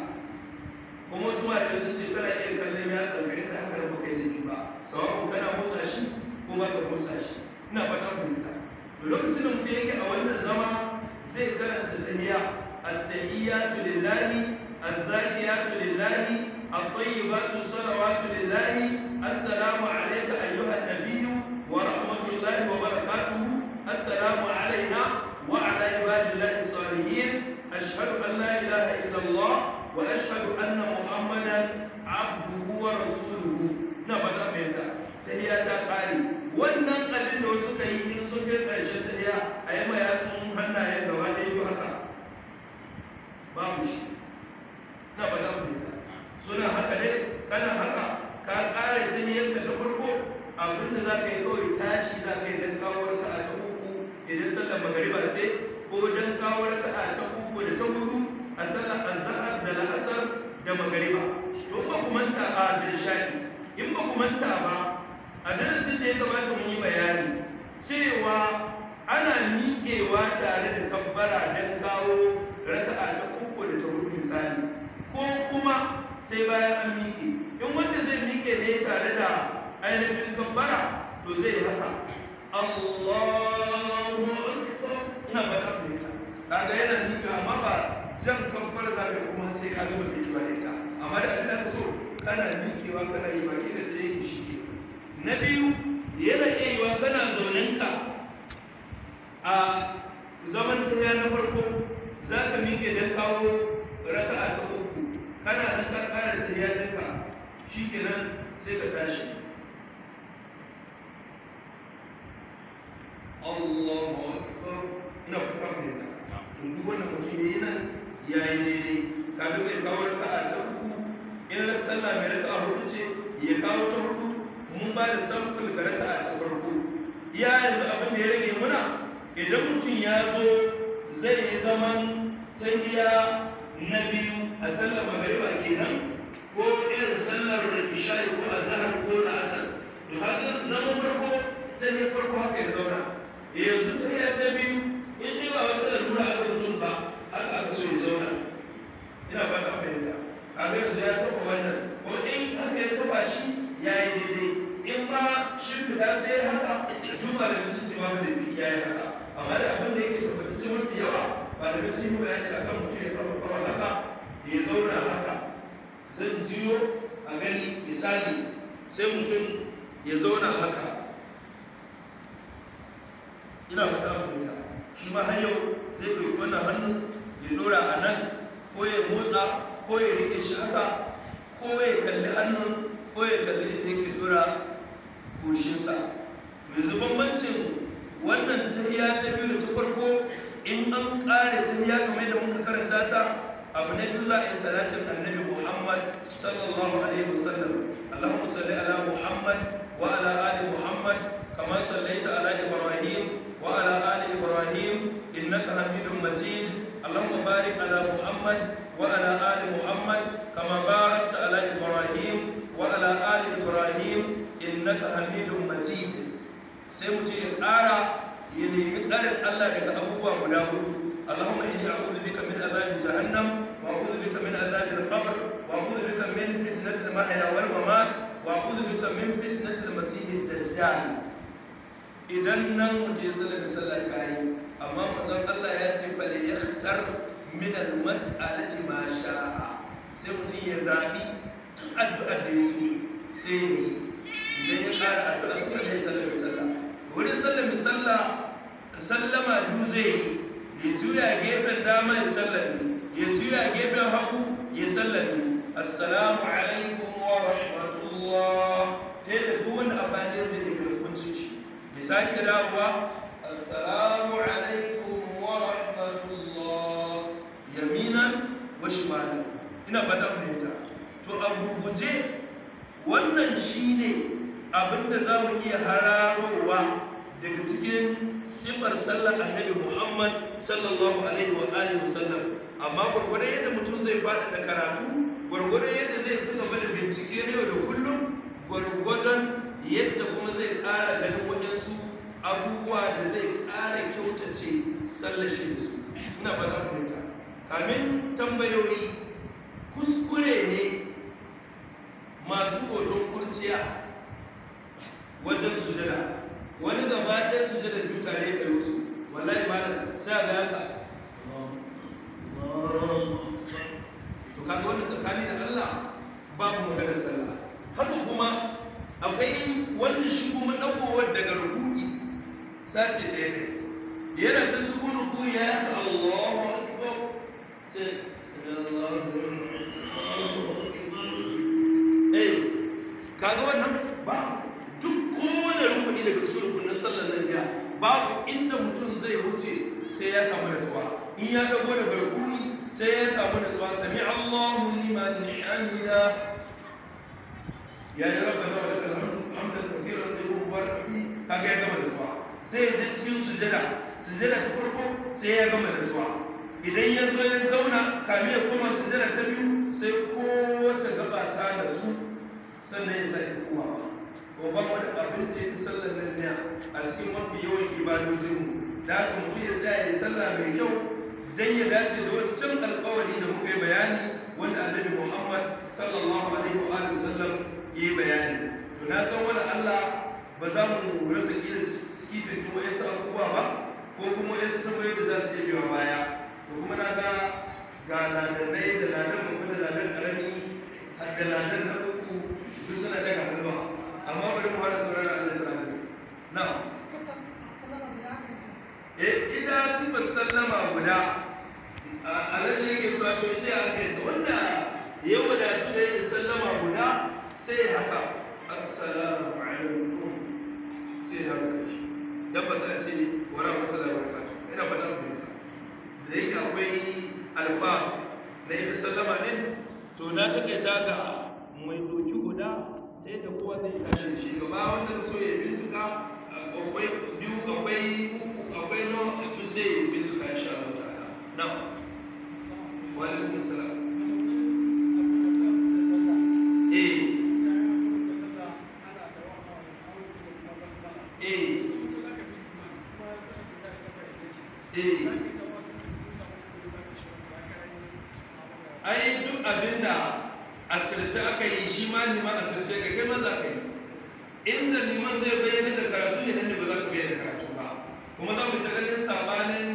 kuma wasu malamai sun ce kana iya kallon ya ka ta haka da baka yi ba sawa'un kana motsa shi kuma ka motsa shi ina faɗa fahimta to lokacin da mutum yake a wannan zama zai karanta tahiya at tu lillahi az tu lillahi at-tayyibatu salawatu lillahi assalamu alayka ayyuhan nabiyyu wa rahmatullahi wa barakatuhu assalamu alayka suna haka ne kana haka ka ƙara tahiyarka ta farko Abinda da za ka yi kawai tashi za ka yi don kawo a ta uku idan sallar magariba ce ko don kawo raka'a ta uku da ta hudu a sallar azhar da la'asar da magariba to ba ku manta a dirshani in ba ku manta ba a darasin da ya gabata mun yi bayani cewa ana miƙewa tare da kabbara dan kawo raka a ta uku da ta hudu misali ko kuma sai bayan an miƙe in wanda zai miƙe ne tare da ainihin kabbara to zai haka Allahu akbar ina ba ta fahimta kaga yana miƙe amma ba jan kabbara za ka kuma sai ka gama miƙewa da ita amma da abin da ka so kana miƙewa kana yi baki da ta yake shi ke na biyu yana iya yiwa kana zaunenka a zaman ta na farko za ka miƙe don kawo raka'a ta uku kana nan ka ƙara tahiyatinka shi kenan sai ka tashi Allahu akbar ina kuka fahimta to duk wannan mutum yayi nan yayi daidai kaga zai kawo raka'a ta uku in ran sallah mai a hudu ce ya kawo ta hudu mun ba da samfur ga raka'a ta farko Ya yanzu abin da ya rage muna idan mutum ya zo zai yi zaman tahiya na biyu a sallar magariba kenan ko irin sallar da shayi ko a zahar ko na asar to haka zama farko ta yi farko haka ya zauna yanzu ta yi ta biyu in dai ba wata nuna a mutum ba haka aka so ya zauna ina ba ka fahimta kaga yanzu ya taɓa wannan ko in haka ya taɓa shi ya yi daidai in ba shi fita sai haka duk da sun ce babu da ya yi haka amma da abin da yake tabbatacce mafi yawa ba da sun yi bayani akan mutum ya zan jiyo a gani misali sai mutum ya zauna haka ina fata fahimta shi ma har zai ɗauki wannan hannun ya dora a nan ko ya motsa ko ya rike shi haka ko ya kalli hannun ko ya kalli da yake dora goshinsa to yanzu bambancin wannan tahiya ta biyu da ta farko in an ƙare tahiya kamar da muka karanta ta abu na biyu za a yi salatin annabi muhammad sallallahu alaihi wasallam allahumma salli ala muhammad wa ala ali muhammad kama sallaita ala ibrahim wa ala ali ibrahim innaka hamidun majid اللهم بارك على محمد وعلى آل محمد كما باركت على إبراهيم وعلى آل إبراهيم إنك حميد مجيد سيمتي إقارة يلي مثل الله لك أبوه وداود اللهم إني أعوذ بك من عذاب جهنم وأعوذ بك من عذاب القبر وأعوذ بك من فتنة المحيا والممات وأعوذ بك من فتنة المسيح الدجال idan nan mutum ya sallame sallah ta yi amma manzon Allah ya ce bal yakhtar min al mas'alati ma sha'a sai mutum ya zabi duk addu'ar da ya sai ya yi idan ya fara addu'a sai sallah sallah sallah sallama duzai ya juya gefen dama ya ya juya gefen hagu ya sallame assalamu alaikum wa rahmatullah ta yadda duk wanda a bayan zai yi garkuncin shi ya sake dawowa assalamu alaikum wa rahmatullah yaminan wa shi shimalan ina fata fahimta to a gurguje wannan shi ne abinda za mu iya hararowa daga cikin sifar sallar annabi muhammad sallallahu alaihi wa alihi wasallam amma gwargwadon yadda mutum zai faɗi da karatu gwargwadon yadda zai ci gaba da bincike na yau da kullum gwargwadon yadda kuma zai ƙara ganin waɗansu abubuwa da zai ƙara kyautace sallashinsu su ina faɗa fahimta kamin tambayoyi kuskure ne masu hoton kurciya wajen sujada wani gaba ɗaya sujada biyu tare ya kai wasu wallahi malam sai ga haka to kaga wannan tsakani da Allah babu maganar sallah haka kuma akwai wanda shi kuma ɗaukowar daga rukuki sace ta yadda yana can cikin rukuki ya yi Allahu Akbar ce. sallallahu Akbar eh kaga wannan ba duk kowane rukuni daga cikin rukunin sallar nan biya babu inda mutum zai wuce sai ya samu natsuwa in ya dago da barkuni sai ya samu natsuwa sami Allahu liman hamida ya yi rabba na wadda kalhamdu amdan kafiran da yi rabbi kaga ya gama natsuwa sai ya je cikin sujada sujada ta farko sai ya gama natsuwa idan ya zo ya zauna kame ya koma sujada ta biyu sai kowace gaba ta natsu sannan ya sake komawa ko ba mu abin da ya fi sallar nan a cikin mafi yawan ibadojinmu da haka mutum ya tsaya ya sallah mai kyau don ya dace da wancan alkawari da muka yi bayani wanda annabi muhammad sallallahu alaihi wa sallam ya yi bayani to na san wani allah ba za mu rasa kila skipin to wa'yansu abubuwa ba ko kuma wa'yansu tambayoyi da za su iya biyo baya to kuma na ga ga ladannai da ladan babba da ladan karami da ladan na uku duk suna daga hannuwa amma bari mu fara sauraron allah sallallahu alaihi wa sallam na'am Eh, ita sifar sallama guda alhaji yake cewa to ita ya kai ta wanda ya wadatu da yin sallama guda sai haka assalamu alaikum sai haka shi dan ba sa ce wa rahmatullahi da barakatuh ina faɗa muku da yake akwai alfa na ita sallama din to na ta ga mai doki guda sai da kowa zai tashi gaba wanda ka so ya bincika akwai biyu akwai uku akwai na duk sai yi bin suka insha Allah ta'ala na wa alaikum salam eh eh eh ai duk abinda a sirce aka yi shi ma liman a sirce ka kai maza ka yi inda liman zai bayyana da karatu ne inda ba za ka bayyana karatu ba kuma za mu ta ganin sabanin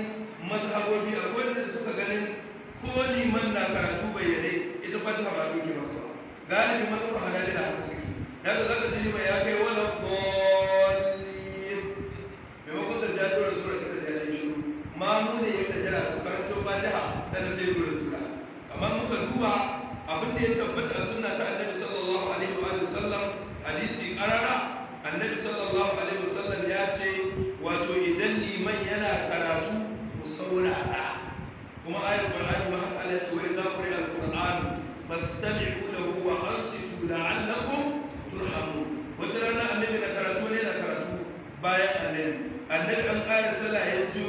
mazhabobi a kowanne da suka ganin ko liman na karatu bayyane ita fatiha ba doke maka ba galibin mazhabu halali da haka suke daga zaka ji liman ya kai wala dallin maimakon da ya dole sura sai ka jira shi mu ne ya kajira su karanto fatiha sannan sai dora sura amma muka duba abin da ya tabbata a sunna ta annabi sallallahu alaihi wa sallam hadisi karara annabi sallallahu alaihi wa sallam ya ce wato idan liman yana karatu ku saurara kuma ayar ƙwararri ma haka Allah ce wai za ku ruwa alqur'an fastami'u lahu wa ansitu la'allakum turhamu wata rana annabi na karatu ne na karatu bayan annabi annabi an ƙara sallah ya ji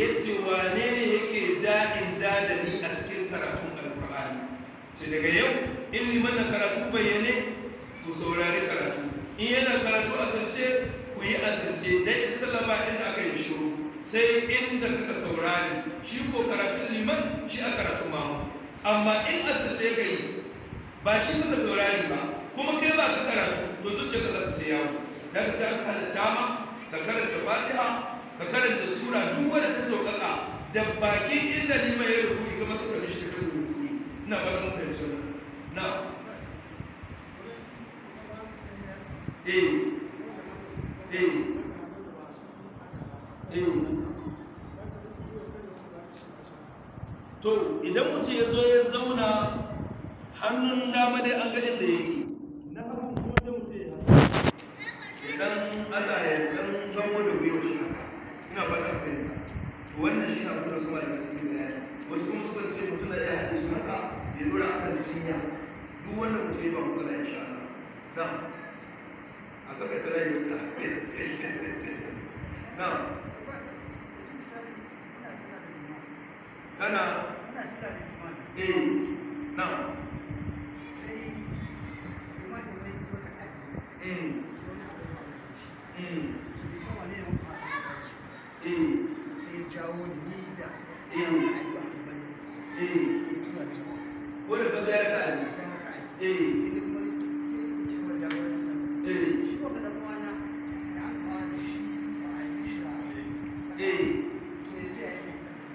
ya ce wane ne yake ja in ja da ni a cikin karatun alqur'ani sai daga yau in liman na karatu bayyane ku saurari karatu in yana karatu asirce ku yi asirce dan ita sallama inda aka yi shiru sai inda kaka saurari shi ko karatun liman shi a karatun mamu amma in asirce ka yi ba shi kaka saurari ba kuma kai ba ka karatu to zuciya ka zata ta yawo daga sai aka halitta ma ka karanta fatiha ka karanta sura duk wanda ta sauƙaƙa da bakin inda liman ya rubu ga masa shi da ta rubuci ina ba da mutunci na eh to idan mutum ya zo ya zauna hannun dama dai an ga inda yake na hagu kuma dan Allah ya da gwiwa shi ina faɗa kai to wannan shi na kuma su malamin su ne wasu kuma suka ce mutum da ya haɗe shi haka ya dora akan cinya duk wanda mutum ya ba matsala Allah aka kai tsara yi wuta na kana ina sira da imani eh na sai imani mai zuwa ka dai eh sai na da E! eh to bi sama ne E! fasa eh sai jawo E! ni da eh ai ba ba eh E! tuwa jawo wanda ba ya ka E! sai kuma ne ce wanda ba shi wata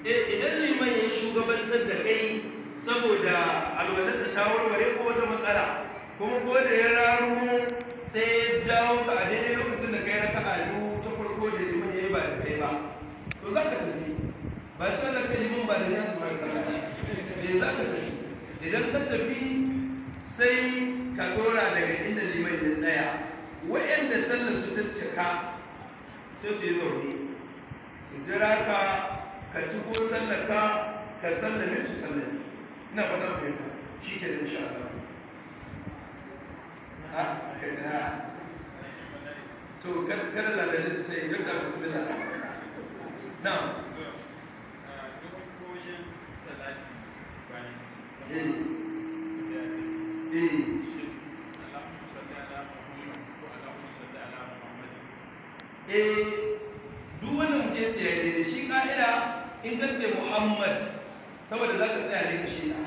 dan idan liman ya shugabantar da kai saboda alwalarsa ta warware ko wata matsala kuma ko da ya raru sai ya jawo ka a daidai lokacin da kai raka alu ta farko da liman ya yi ba da kai ba to za ka tafi ba cewa za ka liman ba da ya tura sa? me za ka tafi idan ka tafi sai ka dora daga inda liman ya tsaya waɗanda sallar su ta cika sai su yi zaune su jira ka ka ci ko sallaka ka sallame su sallame ina fata fahimta shi ke da insha ha ka tsaya to kada ladannin su sai idan ta bismillah na'am dokokin salati bayan eh duk wanda mutum ya ce ya daidai shi ka'ida in ka ce muhammad saboda za ka tsaya ne shi ta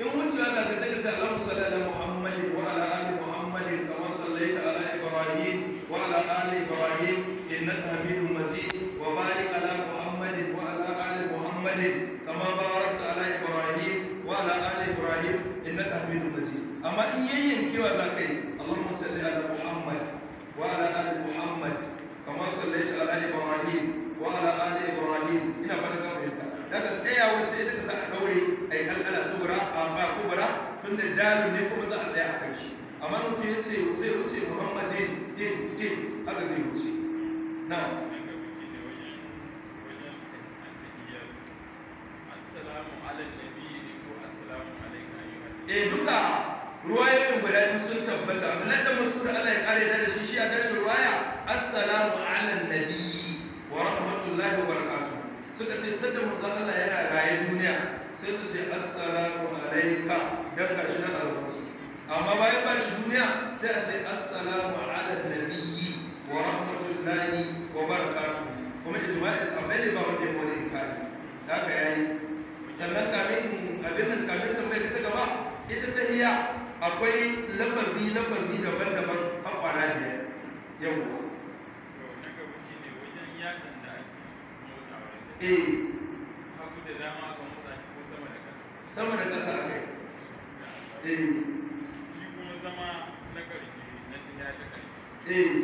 in wucewa za ka sai ka ce Allahumma salli ala Muhammadin wa ala ali Muhammadin kama sallaita ala Ibrahim wa ala ali Ibrahim innaka Hamidum wa bari ala Muhammadin wa ala ali Muhammadin kama barakta ala Ibrahim wa ala ali Ibrahim innaka Hamidum amma in yi kewa za ka yi allahumma salli ala muhammad wa ala ali muhammad kama ta ala ibrahim wa ala ali ibrahim ina fata kan fahimta daga tsaya wacce ita ka sa a daure ai kalkala subura amma kubura da dalil ne kuma za a tsaya a kan shi amma mutum ya ce zai wuce muhammad din din haka zai wuce na assalamu ala ko eh duka ruwayoyin guda biyu sun tabbata abdullahi da mas'ud Allah ya kare da shi shi a tashi ruwaya assalamu ala nabi wa rahmatullahi wa Barkatu. suka ce sanda manzon Allah yana raye duniya sai su ce assalamu alayka dan gashi na alƙawarsu amma bayan ba shi duniya sai a ce assalamu ala nabi wa rahmatullahi wa Barkatu. kuma ijma'i sahabbai ne ba wanda ya wani inkari da haka yayi sannan kamin abin nan kamin kan bai ta gaba ita ta hiya akwai lafazi lafazi daban-daban a kwana biyar yawwa eh. sama da ƙasa a kai zama na ƙarfi na ƙarfi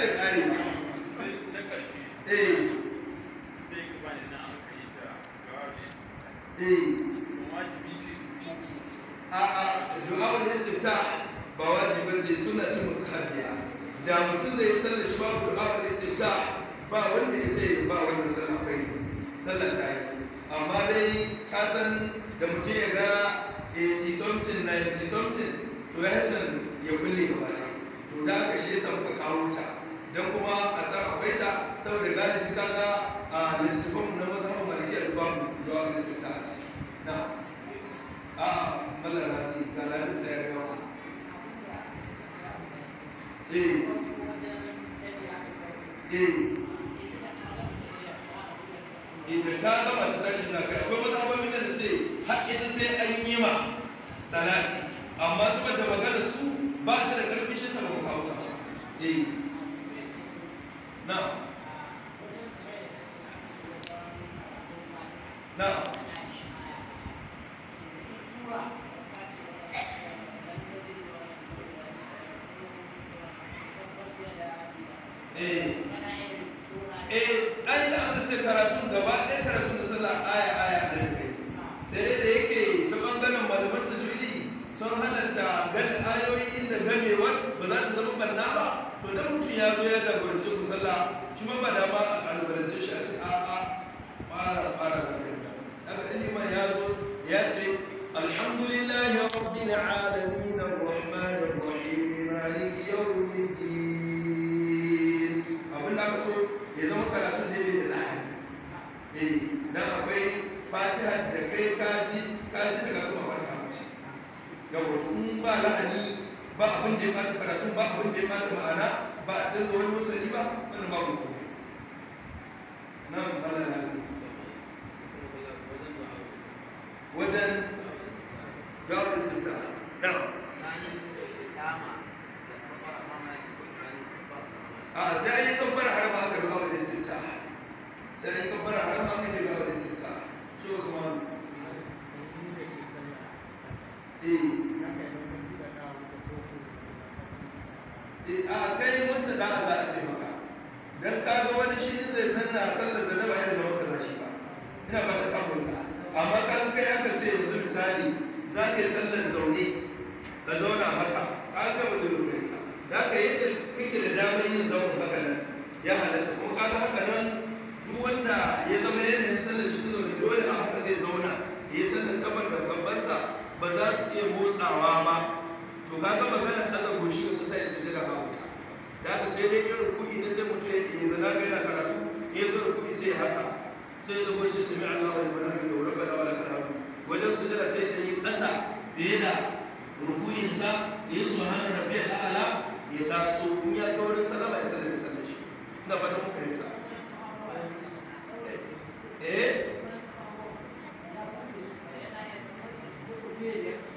bai kare ba eh, eh. ba wajibi ce suna ce mustahabbiya da mutum zai sallar shi babu du'a'ul istifta ba wanda ya sai ba wanda sallar kai sallar ta yi amma dai ka san da mutum ya ga 80 something 90 something to ya san ya kulle gaba to da aka shi ya samu ka kawo ta don kuma a san akwai ta saboda galibi kaga a littattafan na mazhaban malikiya ba mu da wani su ta a na a mallan na su ga lamin tsayar da wa eh eh idan ka gama ta tashi kai, akwai maza akwai mazhabomin da ce har ita sai an yi ma salati amma saboda maganar su ba ta da karfi shi sa ba mu kawo ta eh Now, now, eh, eh, ai da ce karatun gaba ɗaya karatun da sallar aya aya da muka yi sai da yake ta ɓangaren malaman tajwidi sun halatta gani ayoyi inda gamewar ba za ta zama banna ba to dan mutum ya zo ya jagorance ku sallah shi ma ba da ma a kalubalance shi a ce a a fara fara da kanka daga liman ya zo ya ce alhamdulillahi rabbil alamin arrahmanir rahim maliki yawmiddin abin da aka so ya zama karatun da yake da lahani eh dan akwai fatiha da kai kaji kaji daga sama fatiha ce ga in ba lahani ba abin da ya bata karatun ba abin da ya bata ma'ana ba a canza wani wasali ba wani ba ku kuma nan bala na zai wajen da da'awar istinta da a sai a yi kabbar harama da da'awar istinta sai a yi kabbar harama aka yi da'awar istinta shi wasu manu eh Eh, a kai masa da'a za a ce maka ka ga wani shi in zai sanna a sallar zanna ba yadda zama kaza shi ba ina ba da kamunka amma ka ga kai aka ce yanzu misali za ka yi sallar zaune ka zauna haka ka ga ba zai rufe ka da ka yadda kake da damar yin zaune haka nan ya halatta kuma kaga haka nan duk wanda ya zama yanayin sallar shi ta zaune dole a haka zai zauna ya yi sallar saboda kambansa ba za su iya motsawa ba to kaga magana daga goshi ga kasa sai suje da hawo da ka sai dai irin ku inda sai mutum ya yi zana ga yana karatu ya zo ku sai haka sai ya zo shi sami Allah wa liman da wa rabbana wa lakal hamdu wajen sujada sai ya yi kasa fiye da rukuinsa ya yi subhana rabbiyal a'la ya taso in ya kawo salama ya sallame sallame shi ina fata mun fahimta eh?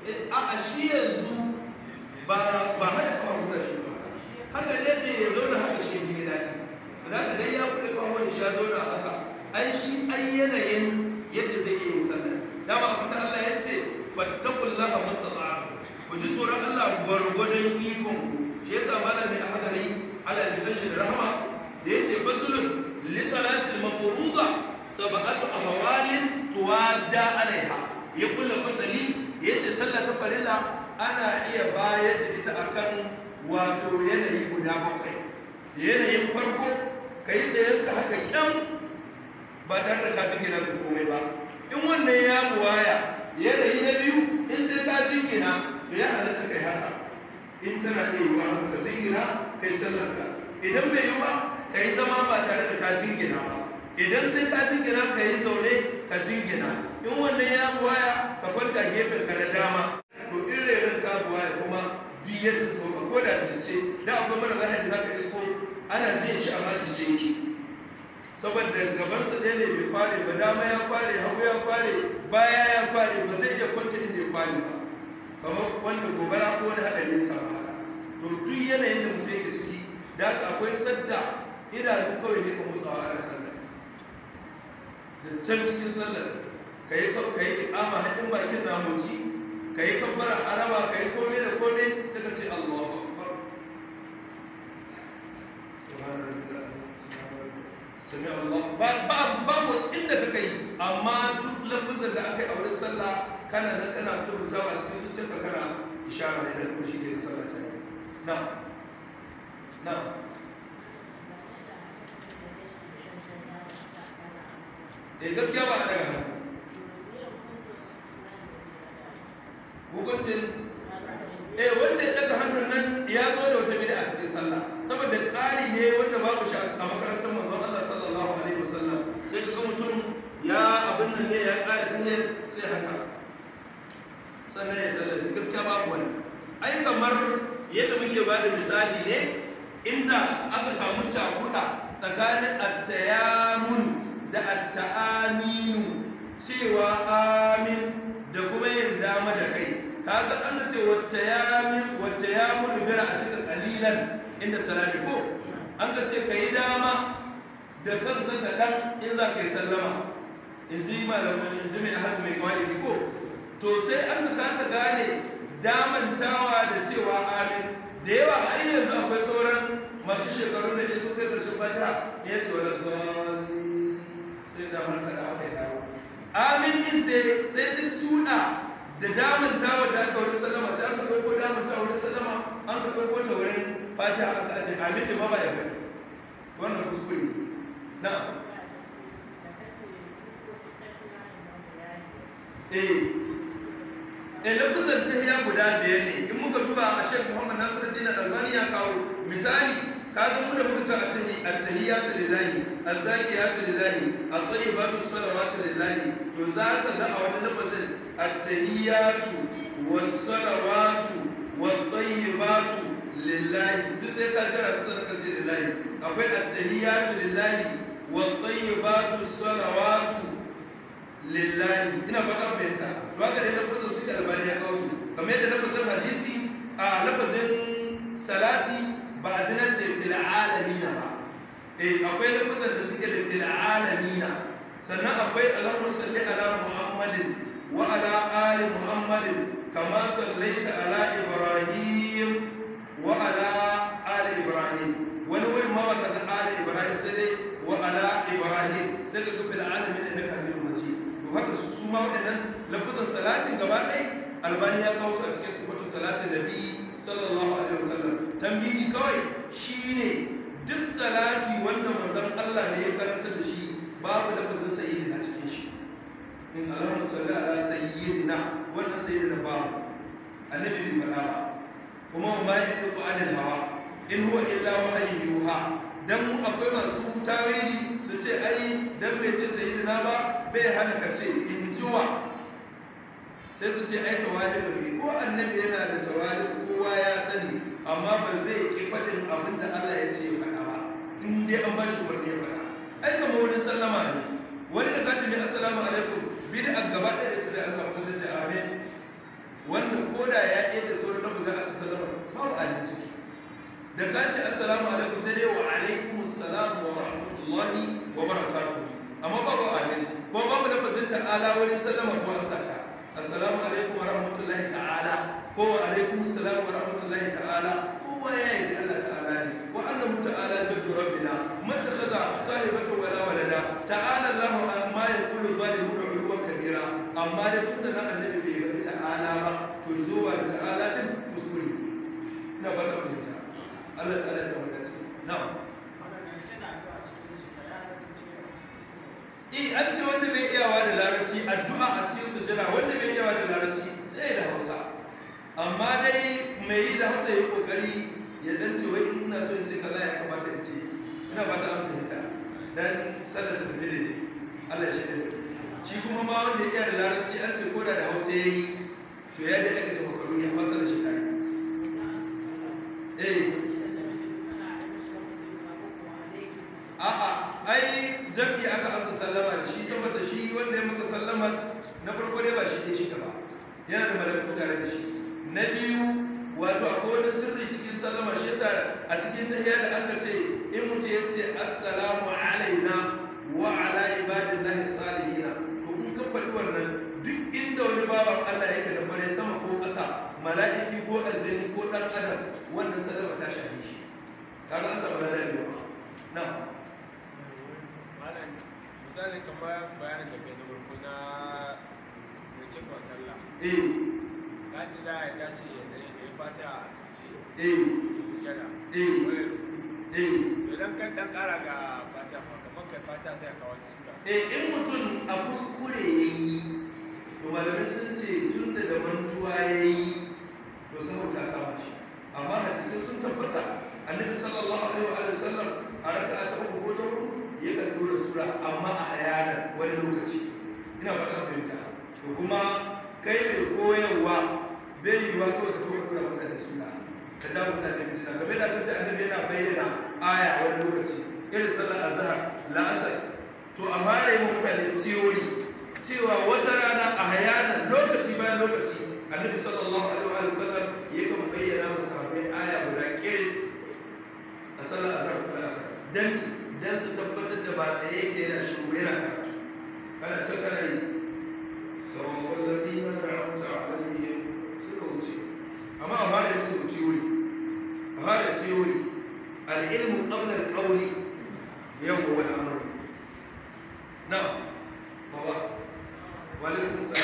eh, a shi yanzu ba ba hada kawo da shi ba haka ne da ya zauna haka shi ne daɗi da ka dai ya kuɗe kawo shi ya zauna haka ai shi ai yanayin yadda zai iya yin sallah dama abin Allah ya ce fattaqullaha mastata'tu ku ji tsoron Allah gwargwadon ikon ku shi yasa malam ne a haka ne Allah shi da rahama da yace fasulun li salatil mafruḍa sab'atu ahwalin tuwada alaiha ya kulla fasali yace sallah ta farilla ana iya bayar da ita akan wato yanayi guda bakwai yanayin farko ka yi tsayen ka haka kyan ba tare da ka gina ga komai ba in wannan ya buwaya yanayi na biyu in sai ka jingina to ya halatta kai haka in tana iya yiwuwa haka ka jingina kai sallarka idan bai yi ba ka yi zama ba tare da ka gina. ba idan sai ka jingina ka yi zaune ka jingina in wannan ya buwaya ka kwanta gefen ka na dama to in ta karuwa ya kuma diyar ta sauka ko da jince da akwai mara bayan haka zaka isko ana jin shi amma jice ki saboda gabansa ɗaya ne bai kware ba dama ya kware hagu ya kware baya ya kware ba zai iya kwanta inda ya kware ba kamar wanda gobara ko wani haɗari ya samu haka to duk yanayin da mutum yake ciki da aka akwai sadda idanu kawai ne ka motsawa ana sallar da can cikin sallar ka yi ikama haɗin bakin na ka yi kabbara araba ka yi komai da komai sai ka ce allahu akbar subhana rabbil allah ba ba ba da kaka yi amma duk lafazin da aka yi a wurin sallah kana nan kana rubutawa a cikin ka kana ishara ne da lokaci ke da sallah ta yi na na eh gaskiya ba a daga hannu hukuncin eh wanda ya daga hannun nan ya zo da wata bid'a cikin sallah saboda ƙari ne wanda babu shi a makarantar manzon Allah sallallahu alaihi wasallam sai kaga mutum ya abin nan ne ya ƙara tahiyar sai haka sannan ya sallami gaskiya babu wannan ai kamar yadda muke ba da misali ne inda aka samu cakuɗa tsakanin attayamunu da atta'aminu cewa amin da kuma yin dama da kai kaga an ce wata ya wata ya mudu bira a sika kalilan inda salami ko an ka ce ka yi dama da kanka dan in za ka yi sallama in ji malamin in ji mai ahadu mai kawai ko to sai an ka kasa gane damantawa da cewa amin da yawa a yanzu akwai sauran masu shekaru da ne sun kai ƙarshen fata ya ce wani gani sai da harka da aka yi dawo amin din sai ta cuɗa da damun tawar da aka wurin salama sai aka ɗauko damun tawar da salama an ka ɗauko ta wurin fatiha aka ce amin da mabaya ya gani wannan kuskure na eh eh lafazan tahiya guda biyar ne in muka duba a shek muhammad nasiruddin albani ya kawo misali kaga mu da muka ce attahiyatu lillahi azzakiyatu lillahi at-tayyibatu salawatu lillahi to za ka ga a wani lafazin attahiyatu was-salawatu wat-tayyibatu lillahi duk sai ka jira su da kace lillahi akwai attahiyatu lillahi wat-tayyibatu salawatu lillahi ina fata bayanta to haka dai lafazin su da albani ya kawo su kamar yadda lafazin hadisi a lafazin salati ba a zina ce fil'alamina ba eh akwai lafazan da suke da fil'alamina sannan akwai alamun salli ala muhammadin wa ala ali muhammadin kama sallaita ala ibrahim wa ala ali ibrahim wani wurin ma ba ala ibrahim sai dai wa ala ibrahim sai ka ga fil'alamina innaka hamidun mace to haka su ma waɗannan lafazan salatin gaba ɗaya albani ya kawo su a cikin sifatu salatin nabi sallallahu alaihi wasallam tambayi kawai shine duk salati wanda manzon Allah ne ya karanta da shi babu da bazan sayyidi a cikin shi in Allahumma salli ala sayyidina wannan sayyidina babu annabi bin malaba kuma wa ma duk adal hawa in huwa illa wahyi yuha dan mu akwai masu tawili su ce ai dan bai ce sayyidina ba bai hana ka ce injuwa sai su ce ai tawali'u ne ko annabi yana da tawali'u kowa ya sani amma ba zai ki faɗin abin da Allah ya ce faɗa ba in dai an ba shi umarni ya faɗa ai kamar wurin sallama ne wani da kace mai assalamu alaikum da gaba ɗaya da zai an samu zai ce amin wanda koda ya iya da sauran lafazin asa sallama mu a ciki da kace assalamu alaikum sai dai wa alaikum assalam wa rahmatullahi wa barakatuh amma babu amin ko babu lafazin 'Ala wurin sallama ko an sata assalamu alaikum wa rahmatullahi ta'ala ko wa alaikum assalam wa rahmatullahi ta'ala kowa ya yi da Allah ta'ala ne wa annahu ta'ala jaddu rabbina mattakhadha sahibatan wala walada ta'ala Allahu amma yaqulu zalimun uluwan kabira amma da tunda nan annabi bai ga ta'ala ba to zuwa ta'ala din kuskure ne ina ba fahimta Allah ta'ala ya samu dace na'am E, an ce wanda bai iyawa da larabci addu'a a cikin sujada wanda bai iyawa da larabci sai da hausa amma dai mai yi da hausa ya yi kokari ya dan ce wai ina so in ce kaza ya kamata in ce ina ba ta an fahimta dan sallar ta tafi daidai Allah ya shirya shi kuma ma wanda ya iya da larabci an ce koda da hausa ya yi to ya da aikata makaru ya masa da shi ta yi eh. a'a ai jam'i aka amsa sallama da shi saboda shi wanda ya maka sallama na farko dai ba shi dai shi ba yana da malaka tare da shi na biyu wato akwai wani sirri cikin sallama shi yasa a cikin tahiyya da an ce in mutum ya ce assalamu alaina wa ala ibadillahi salihina to in ka faɗi wannan duk inda wani bawan Allah yake da kwarai sama ko ƙasa mala'iki ko aljini ko ɗan adam wannan sallama ta shafi shi kaga an samu ladabi ba. na'am malam misali kamar bayanin da kai na farko na mai cikon sallah eh ka ci za a tashi ya yi fata a asirce eh ya sujada eh wani rukuni eh to idan kan dan kara ga fata kamar kai fata sai a kawo sura eh in mutum a kuskure ya yi to malamai sun ce tun da da mantuwa ya yi to saboda a kama shi amma hadisai sun tabbata annabi sallallahu alaihi wa sallam a raka'a ta uku ko ta hudu yakan dora sura amma a hayanan wani lokaci ina fata fahimta to kuma kai mai koyarwa bai yi wa kawai ka to ka dora mutane suna. ka ja mutane fitina game da kace annabi yana bayyana aya wani lokaci irin sallar azhar la'asar to a mare mu mutane tiyori cewa wata rana a hayanan lokaci bayan lokaci annabi sallallahu alaihi wa sallam yakan bayyana masa aya guda kiris a sallar azhar da asar dan don su tabbatar da ba tsaye ke yana shiru bai na karatu kana can kana yi sauran kwallon ma da rahuta a ɗanyen suka wuce amma a fara musu teori a fara tiyori al'ilmu ƙaunar ƙauni yawon wani amurka na bawa wani kusa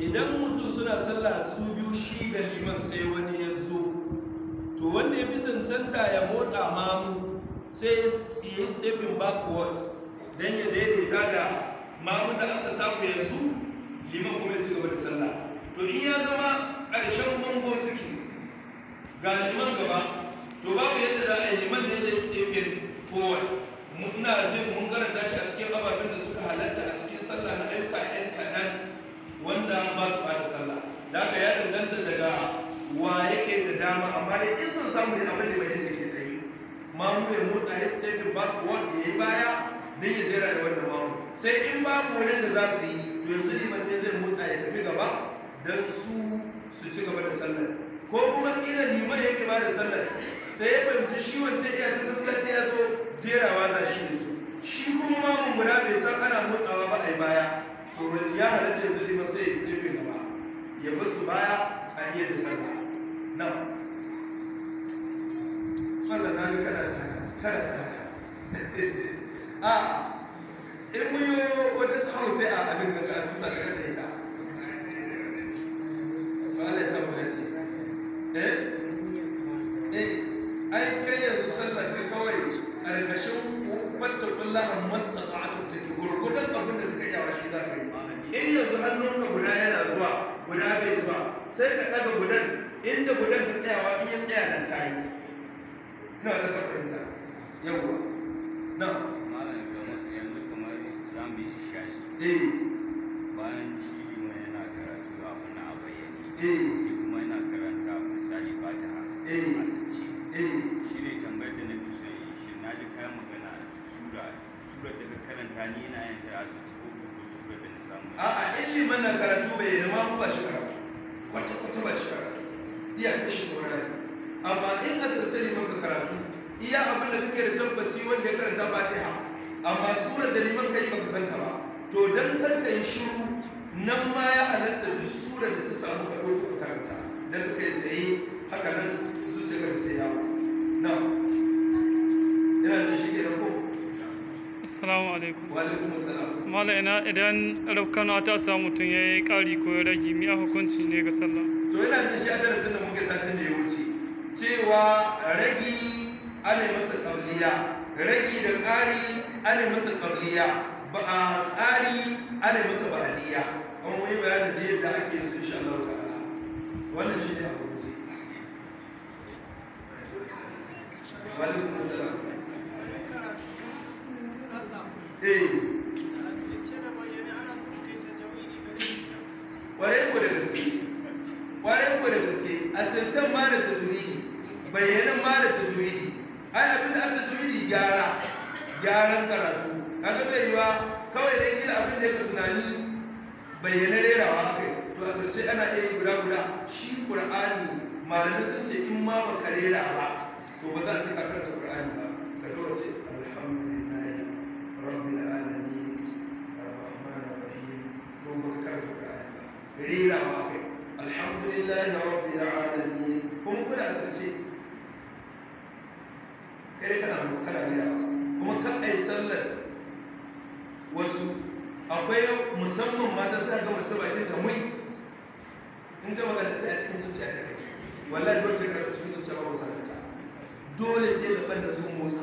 idan mutum suna sallah su biyu shi da liman sai wani ya zo to wanda ya fi cancanta ya motsa mamu sai ya yi stepping backward don ya daidaita da mamun da aka ya yanzu liman kuma ya ci gaba da sallah to in ya zama ƙarshen bango suke ga liman gaba to babu yadda za a yi liman da ya zai stepping forward muna jin mun karanta shi a cikin ababen da suka halatta a cikin sallah na ayyuka 'yan kaɗan wanda ba su bata sallah da aka ya danganta daga wa yake da dama amma da in sun samu ne abin da mai yadda ke tsaye mamu ya motsa ya step back wall ya yi baya don ya jera da wanda mamu sai in babu wurin da za su yi to yanzu ne mai zai motsa ya tafi gaba don su su ci gaba da sallar ko kuma kila liman yake ba da sallar sai ya fahimci shi wance iya ta gaskiya ta ya zo jerawa za shi su shi kuma mamun guda bai san ana motsawa ba a baya to ya halatta yanzu liman sai ya sirfe gaba ya bar su baya a iya da sallah nan sallah na ni kana ta haka kana ta haka a [laughs] ah, in mu yi wata sahau sai a abin da ka tusa da kanta ita to Allah ya san mu dace eh eh ai kai yanzu sallar ka kawai karkashin wata kullahan mastata'atu take gurgudan abin da kai yawa shi za ka yi in yanzu hannunka guda yana zuwa guda bai zuwa sai ka ɗaga gudan inda gudan ka tsayawa in ya tsaya nan ta yi na da ka fahimta yawwa na malam kamar yanzu kamar za mu yi shayi eh bayan shi ma yana karatu abu na a bayyane eh kuma yana karanta misali fataha eh asirce eh shi ne tambayar da na fi so yi shi na ji kayan magana sura sura da ka karanta ni ina yin ta asirce a'a ilimin na karatu bai yi ma ba shi karatu kwata-kwata ba shi karatu iya kashi saurari amma in asirce liman ka karatu iya abinda da kake da tabbaci wanda ya karanta ba ta amma surar da liman ka yi baka santa ba to dan karka yi shiru nan ma ya halatta duk surar da ta samu ka ɗauka ka karanta dan ka kai tsaye haka nan zuciyarka ta yawo na Assalamu alaikum. Wa alaikum assalam. Mala ina idan raukana ta samu mutum ya yi ƙari ko ya rage miya hukunci ne ga sallah. To yana jin shi a darasin da muke satin da ya wuce cewa ragi ana masa qabliya ragi da ƙari ana masa qabliya ba a ƙari ana masa ba'adiyya kuma wani yi bayanin da yadda ake yin su insha Allah ta'ala. Wannan shi ne a gurguje. Wa alaikum assalam. eh kwarai ko da gaske kwarai ko da gaske A asircen ma da tajwidi bayyanan ma da tajwidi ai abin da aka tajwidi gyara gyaran karatu kaga bai yiwa kawai dai gina abin da yake tunani bayyana rerawa aka yi to asirce ana iya yi guda guda shi qur'ani malamai sun ce in ma ba ka rera to ba za a ce ka karanta qur'ani ba ka dora ce rerawa a kai alhamdulillahi rabbil alamin kuma kuna sun ce kai kana kana rerawa kuma kan ai sallar wasu akwai musamman mata sai ga mace bakin ta mui in ga magana ta a cikin zuciya ta kai wallahi dole ta karanta cikin zuciya ba musa ta dole sai da banda sun motsa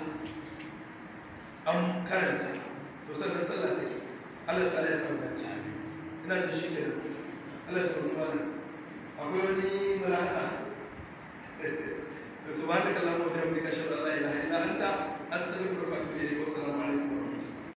an karanta to sannan sallah take Allah ta'ala ya samu dace ina jin shi kenan Allah ta rubuta mana akwai wani mulaka [laughs] to subhanakallahumma wa bihamdika ashhadu an la ilaha illa anta astaghfiruka wa atubu ilayk wa assalamu alaikum